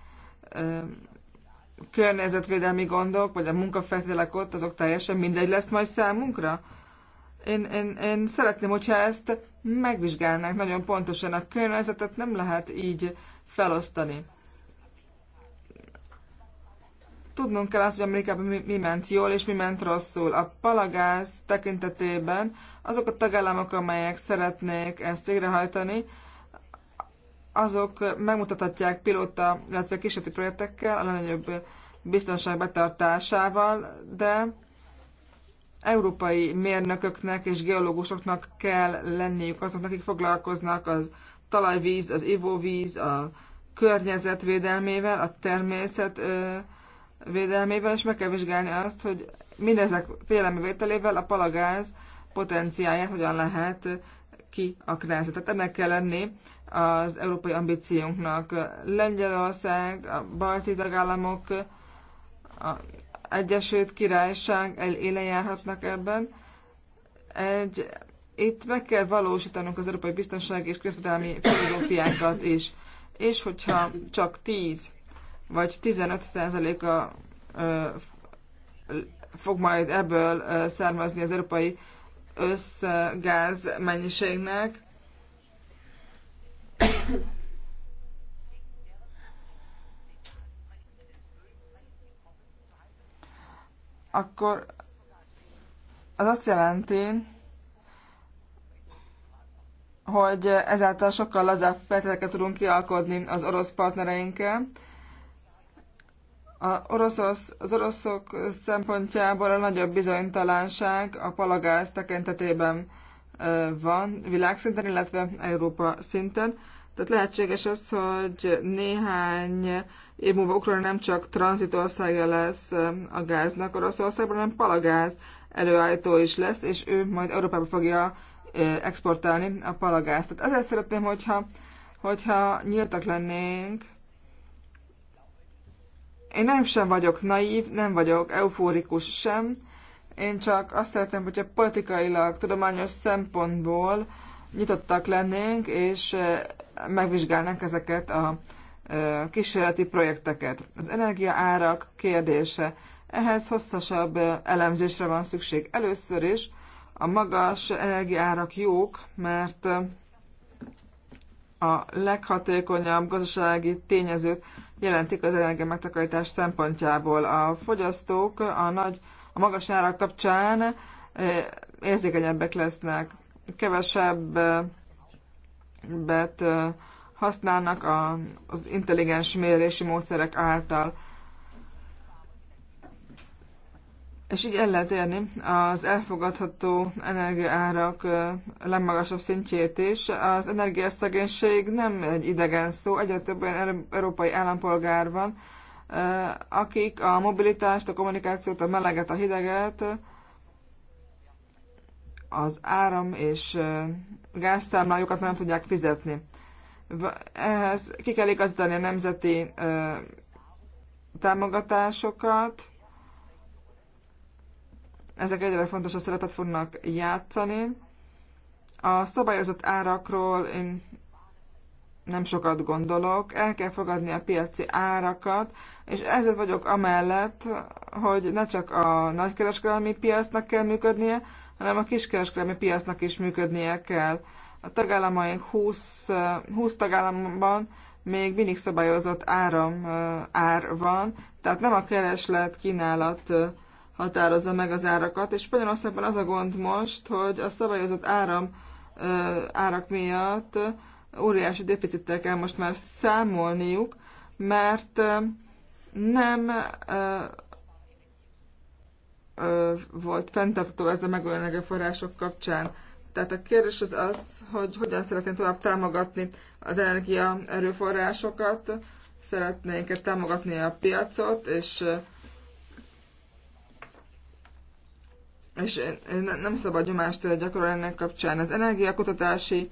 környezetvédelmi gondok, vagy a munkafeltételek ott, azok teljesen mindegy lesz majd számunkra? én, én, én szeretném, hogyha ezt megvizsgálnánk nagyon pontosan. A környezetet nem lehet így felosztani. Tudnunk kell azt, hogy Amerikában mi, mi ment jól és mi ment rosszul. A palagáz tekintetében azok a tagállamok, amelyek szeretnék ezt végrehajtani, azok megmutathatják pilóta, illetve kísérleti projektekkel a legnagyobb biztonság betartásával, de európai mérnököknek és geológusoknak kell lenniük azoknak, akik foglalkoznak az talajvíz, az ivóvíz, a környezetvédelmével, a természet védelmével, és meg kell vizsgálni azt, hogy mindezek vételével a palagáz potenciáját hogyan lehet kiaknázni. Tehát ennek kell lenni az európai ambíciónknak. Lengyelország, a balti tagállamok, a Egyesült Királyság élen járhatnak ebben. Egy, itt meg kell valósítanunk az európai biztonsági és közvetelmi filozófiákat is. És hogyha csak 10 vagy 15 százaléka fog majd ebből származni az európai összgáz mennyiségnek, akkor az azt jelenti, hogy ezáltal sokkal lazább feltételeket tudunk kialkodni az orosz partnereinkkel. A oroszosz, az oroszok szempontjából a nagyobb bizonytalanság a palagáz tekintetében van világszinten, illetve Európa szinten. Tehát lehetséges az, hogy néhány év múlva Ukrajna nem csak tranzitországa lesz a gáznak Oroszországban, hanem palagáz előállító is lesz, és ő majd Európába fogja exportálni a palagázt. Tehát ezért szeretném, hogyha, hogyha nyíltak lennénk. Én nem sem vagyok naív, nem vagyok eufórikus sem. Én csak azt szeretném, hogyha politikailag, tudományos szempontból nyitottak lennénk, és megvizsgálnak ezeket a kísérleti projekteket. Az energia árak kérdése. Ehhez hosszasabb elemzésre van szükség. Először is a magas árak jók, mert a leghatékonyabb gazdasági tényezőt jelentik az energia megtakarítás szempontjából. A fogyasztók a, nagy, a magas árak kapcsán érzékenyebbek lesznek, kevesebb bet használnak a, az intelligens mérési módszerek által. És így el lehet érni az elfogadható energiaárak legmagasabb szintjét is. Az energiaszegénység nem egy idegen szó, egyre több olyan er-, európai állampolgár van, akik a mobilitást, a kommunikációt, a meleget, a hideget az áram és gázszámlájukat nem tudják fizetni. Ehhez ki kell igazítani a nemzeti támogatásokat, ezek egyre fontosabb szerepet fognak játszani. A szabályozott árakról én nem sokat gondolok, el kell fogadni a piaci árakat, és ezért vagyok amellett, hogy ne csak a nagykereskedelmi piacnak kell működnie, hanem a kiskereskedelmi piacnak is működnie kell. A tagállamaink 20, 20 tagállamban még mindig szabályozott áram, ár van, tehát nem a kereslet, kínálat határozza meg az árakat, és Spanyolországban az a gond most, hogy a szabályozott áram árak miatt óriási deficittel kell most már számolniuk, mert nem volt fenntartató ez a megújuló energiaforrások kapcsán. Tehát a kérdés az az, hogy hogyan szeretnénk tovább támogatni az energia erőforrásokat, szeretnénk -e támogatni a piacot, és és nem szabad nyomást gyakorolni ennek kapcsán. Az energiakutatási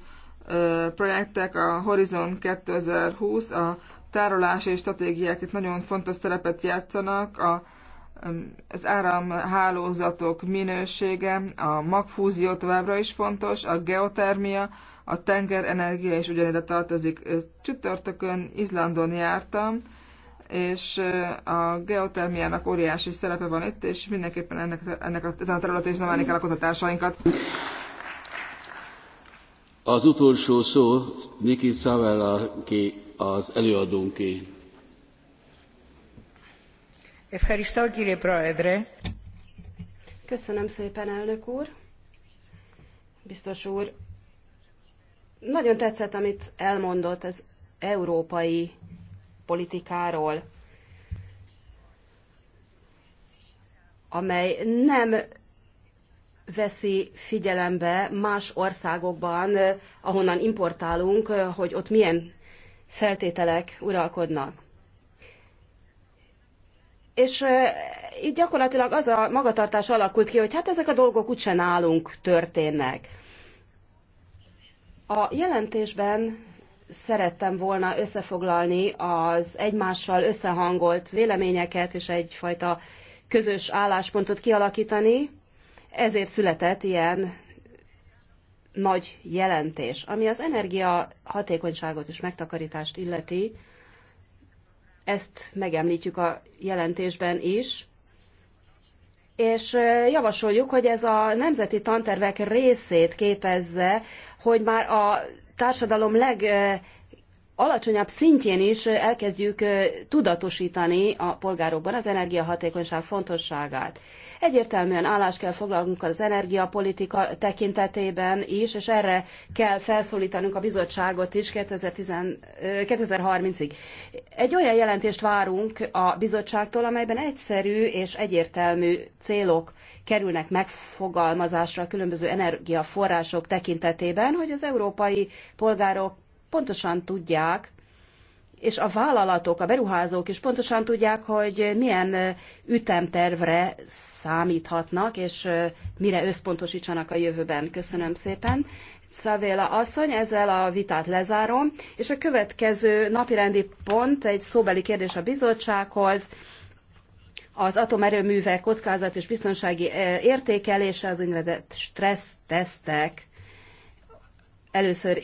projektek, a Horizon 2020, a tárolási stratégiák itt nagyon fontos szerepet játszanak, a az áramhálózatok minősége, a magfúzió továbbra is fontos, a geotermia, a tengerenergia is ugyanide tartozik. Csütörtökön Izlandon jártam, és a geotermiának óriási szerepe van itt, és mindenképpen ennek, ennek a, ezen a területen is növelni kell a kutatásainkat. Az utolsó szó Niki Szavella, ki az előadónké. Köszönöm szépen, elnök úr. Biztos úr, nagyon tetszett, amit elmondott az európai politikáról, amely nem veszi figyelembe más országokban, ahonnan importálunk, hogy ott milyen feltételek uralkodnak. És így gyakorlatilag az a magatartás alakult ki, hogy hát ezek a dolgok úgyse nálunk történnek. A jelentésben szerettem volna összefoglalni az egymással összehangolt véleményeket és egyfajta közös álláspontot kialakítani, ezért született ilyen nagy jelentés, ami az energia hatékonyságot és megtakarítást illeti ezt megemlítjük a jelentésben is, és javasoljuk, hogy ez a nemzeti tantervek részét képezze, hogy már a társadalom leg alacsonyabb szintjén is elkezdjük tudatosítani a polgárokban az energiahatékonyság fontosságát. Egyértelműen állást kell foglalnunk az energiapolitika tekintetében is, és erre kell felszólítanunk a bizottságot is 2030-ig. Egy olyan jelentést várunk a bizottságtól, amelyben egyszerű és egyértelmű célok kerülnek megfogalmazásra a különböző energiaforrások tekintetében, hogy az európai polgárok pontosan tudják, és a vállalatok, a beruházók is pontosan tudják, hogy milyen ütemtervre számíthatnak, és mire összpontosítsanak a jövőben. Köszönöm szépen. Szavéla asszony, ezzel a vitát lezárom, és a következő napirendi pont egy szóbeli kérdés a bizottsághoz. Az atomerőművek kockázat és biztonsági értékelése, az úgynevezett stressz tesztek. Először